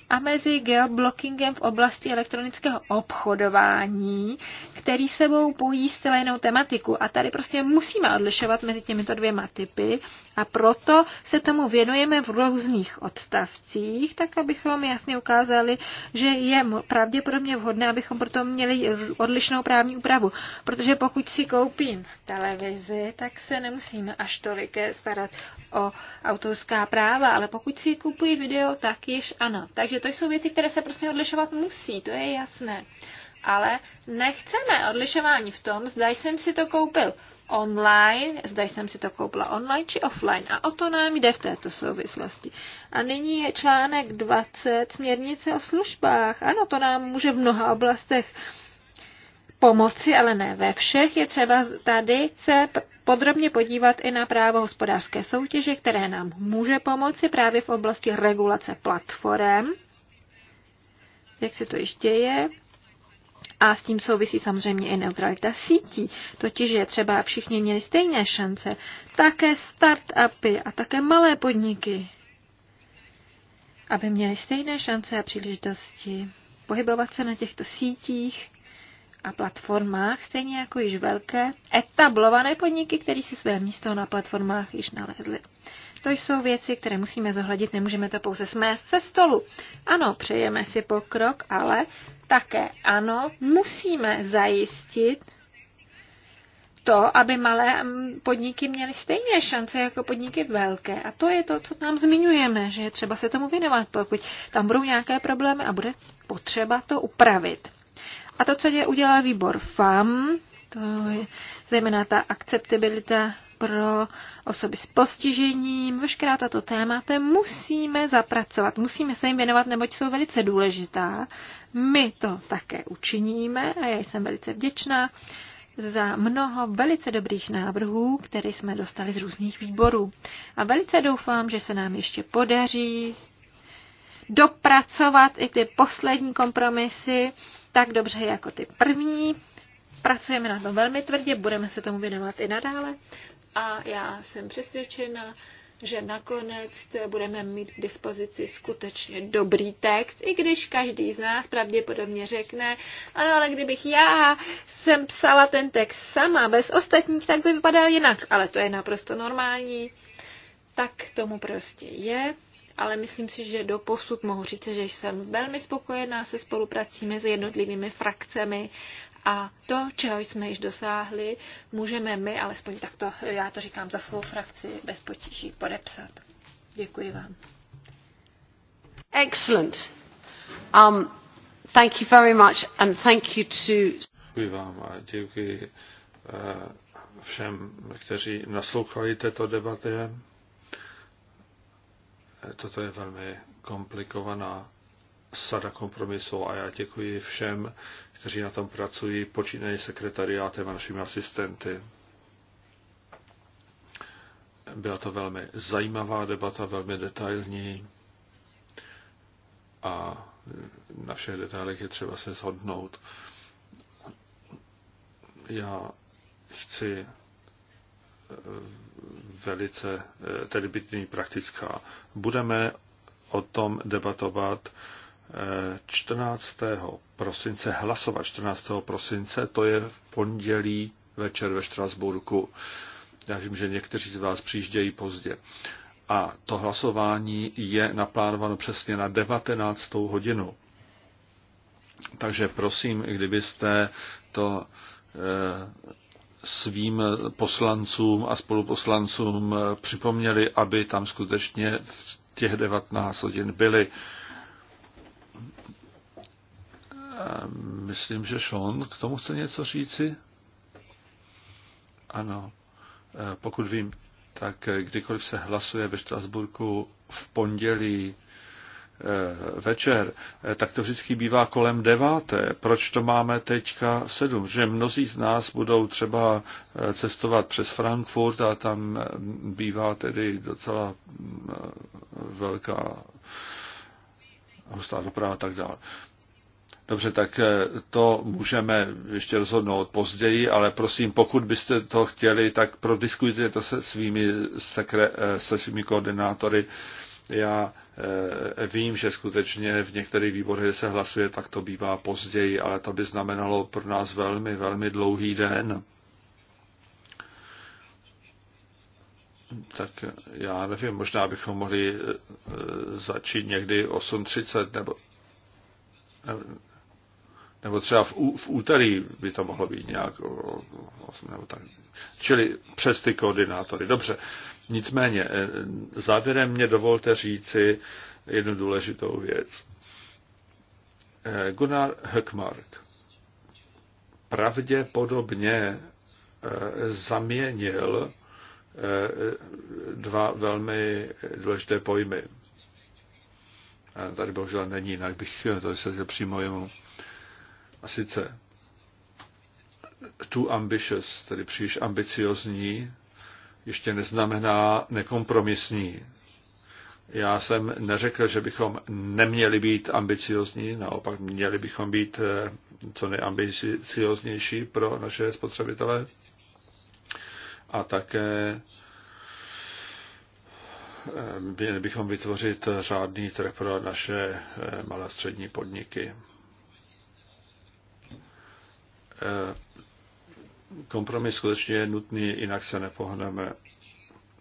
a mezi geoblockingem v oblasti elektronického obchodování, který sebou pojí zcela jinou tematiku. A tady prostě musíme odlišovat mezi těmito dvěma typy a proto se tomu věnujeme v různých odstavcích, tak abychom jasně ukázali, že je pravděpodobně vhodné, abychom proto měli odlišnou právní úpravu. Protože pokud si koupím televizi, tak se nemusíme až tolik starat o autorská práva, ale pokud si kupuji video, tak již ano. Takže to jsou věci, které se prostě odlišovat musí, to je jasné. Ale nechceme odlišování v tom, zda jsem si to koupil online, zda jsem si to koupila online či offline. A o to nám jde v této souvislosti. A nyní je článek 20 směrnice o službách. Ano, to nám může v mnoha oblastech pomoci, ale ne ve všech. Je třeba tady se podrobně podívat i na právo hospodářské soutěže, které nám může pomoci právě v oblasti regulace platform jak se to již děje. A s tím souvisí samozřejmě i neutralita sítí, totiž je třeba všichni měli stejné šance. Také start-upy a také malé podniky, aby měli stejné šance a příležitosti pohybovat se na těchto sítích a platformách, stejně jako již velké etablované podniky, které si své místo na platformách již nalezly. To jsou věci, které musíme zohlednit, nemůžeme to pouze smést se stolu. Ano, přejeme si pokrok, ale také ano, musíme zajistit to, aby malé podniky měly stejné šance jako podniky velké. A to je to, co tam zmiňujeme, že je třeba se tomu věnovat, pokud tam budou nějaké problémy a bude potřeba to upravit. A to, co je udělal výbor FAM, to je zejména ta akceptabilita pro osoby s postižením, veškerá tato témata musíme zapracovat, musíme se jim věnovat, neboť jsou velice důležitá. My to také učiníme a já jsem velice vděčná za mnoho velice dobrých návrhů, které jsme dostali z různých výborů. A velice doufám, že se nám ještě podaří dopracovat i ty poslední kompromisy tak dobře jako ty první. Pracujeme na tom velmi tvrdě, budeme se tomu věnovat i nadále a já jsem přesvědčena, že nakonec budeme mít k dispozici skutečně dobrý text, i když každý z nás pravděpodobně řekne, ano, ale kdybych já jsem psala ten text sama, bez ostatních, tak by vypadal jinak, ale to je naprosto normální. Tak tomu prostě je, ale myslím si, že do posud mohu říct, že jsem velmi spokojená se spoluprací mezi jednotlivými frakcemi a to, čeho jsme již dosáhli, můžeme my, alespoň takto, já to říkám za svou frakci, bez potíží podepsat. Děkuji vám. Excellent. Um, thank you very much and thank you to... Děkuji vám a děkuji eh, všem, kteří naslouchali této debatě. Eh, toto je velmi komplikovaná sada kompromisů a já děkuji všem, kteří na tom pracují, počínají sekretariátem a našimi asistenty. Byla to velmi zajímavá debata, velmi detailní a na všech detailech je třeba se shodnout. Já chci eh, velice eh, tedy být praktická. Budeme o tom debatovat 14. prosince, hlasovat 14. prosince, to je v pondělí večer ve Štrasburku. Já vím, že někteří z vás přijíždějí pozdě. A to hlasování je naplánováno přesně na 19. hodinu. Takže prosím, kdybyste to eh, svým poslancům a spoluposlancům eh, připomněli, aby tam skutečně v těch 19 hodin byli Myslím, že Sean k tomu chce něco říci. Ano, e, pokud vím, tak kdykoliv se hlasuje ve Štrasburku v pondělí e, večer, e, tak to vždycky bývá kolem deváté. Proč to máme teďka sedm? Že mnozí z nás budou třeba cestovat přes Frankfurt a tam bývá tedy docela velká hustá doprava a tak dále. Dobře, tak eh, to můžeme ještě rozhodnout později, ale prosím, pokud byste to chtěli, tak prodiskujte to se svými, sekre, eh, se svými koordinátory. Já eh, vím, že skutečně v některých výborech se hlasuje, tak to bývá později, ale to by znamenalo pro nás velmi, velmi dlouhý den. Tak já nevím, možná bychom mohli začít někdy 8.30 nebo nebo třeba v, v úterý by to mohlo být nějak, o, o, nebo tak, čili přes ty koordinátory. Dobře, nicméně e, závěrem mě dovolte říci jednu důležitou věc. E, Gunnar Höckmark pravděpodobně e, zaměnil dva velmi důležité pojmy. Tady bohužel není, jinak bych to vysvětlil přímo jemu sice too ambitious, tedy příliš ambiciozní, ještě neznamená nekompromisní. Já jsem neřekl, že bychom neměli být ambiciozní, naopak měli bychom být eh, co nejambicioznější pro naše spotřebitele a také eh, měli bychom vytvořit řádný trh pro naše eh, malé střední podniky kompromis skutečně je nutný, jinak se nepohneme.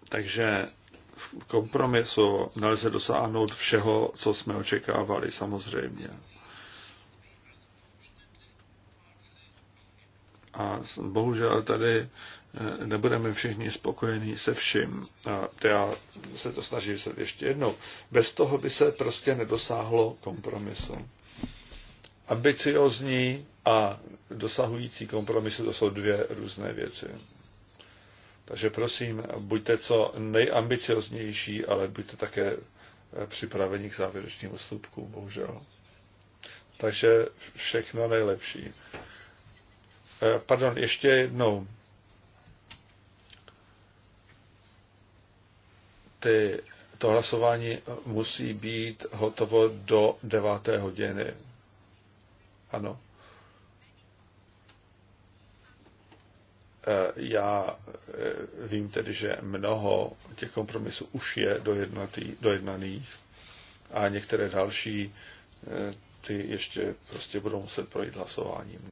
Takže v kompromisu nelze dosáhnout všeho, co jsme očekávali, samozřejmě. A bohužel tady eh, nebudeme všichni spokojení se vším. A já se to snažím se ještě jednou. Bez toho by se prostě nedosáhlo kompromisu ambiciozní a dosahující kompromisu, to jsou dvě různé věci. Takže prosím, buďte co nejambicioznější, ale buďte také připraveni k závěrečným ústupkům, bohužel. Takže všechno nejlepší. Eh, pardon, ještě jednou. Ty, to hlasování musí být hotovo do 9. hodiny. Ano. Eh, já eh, vím tedy, že mnoho těch kompromisů už je dojednatý, dojednaných a některé další eh, ty ještě prostě budou muset projít hlasováním.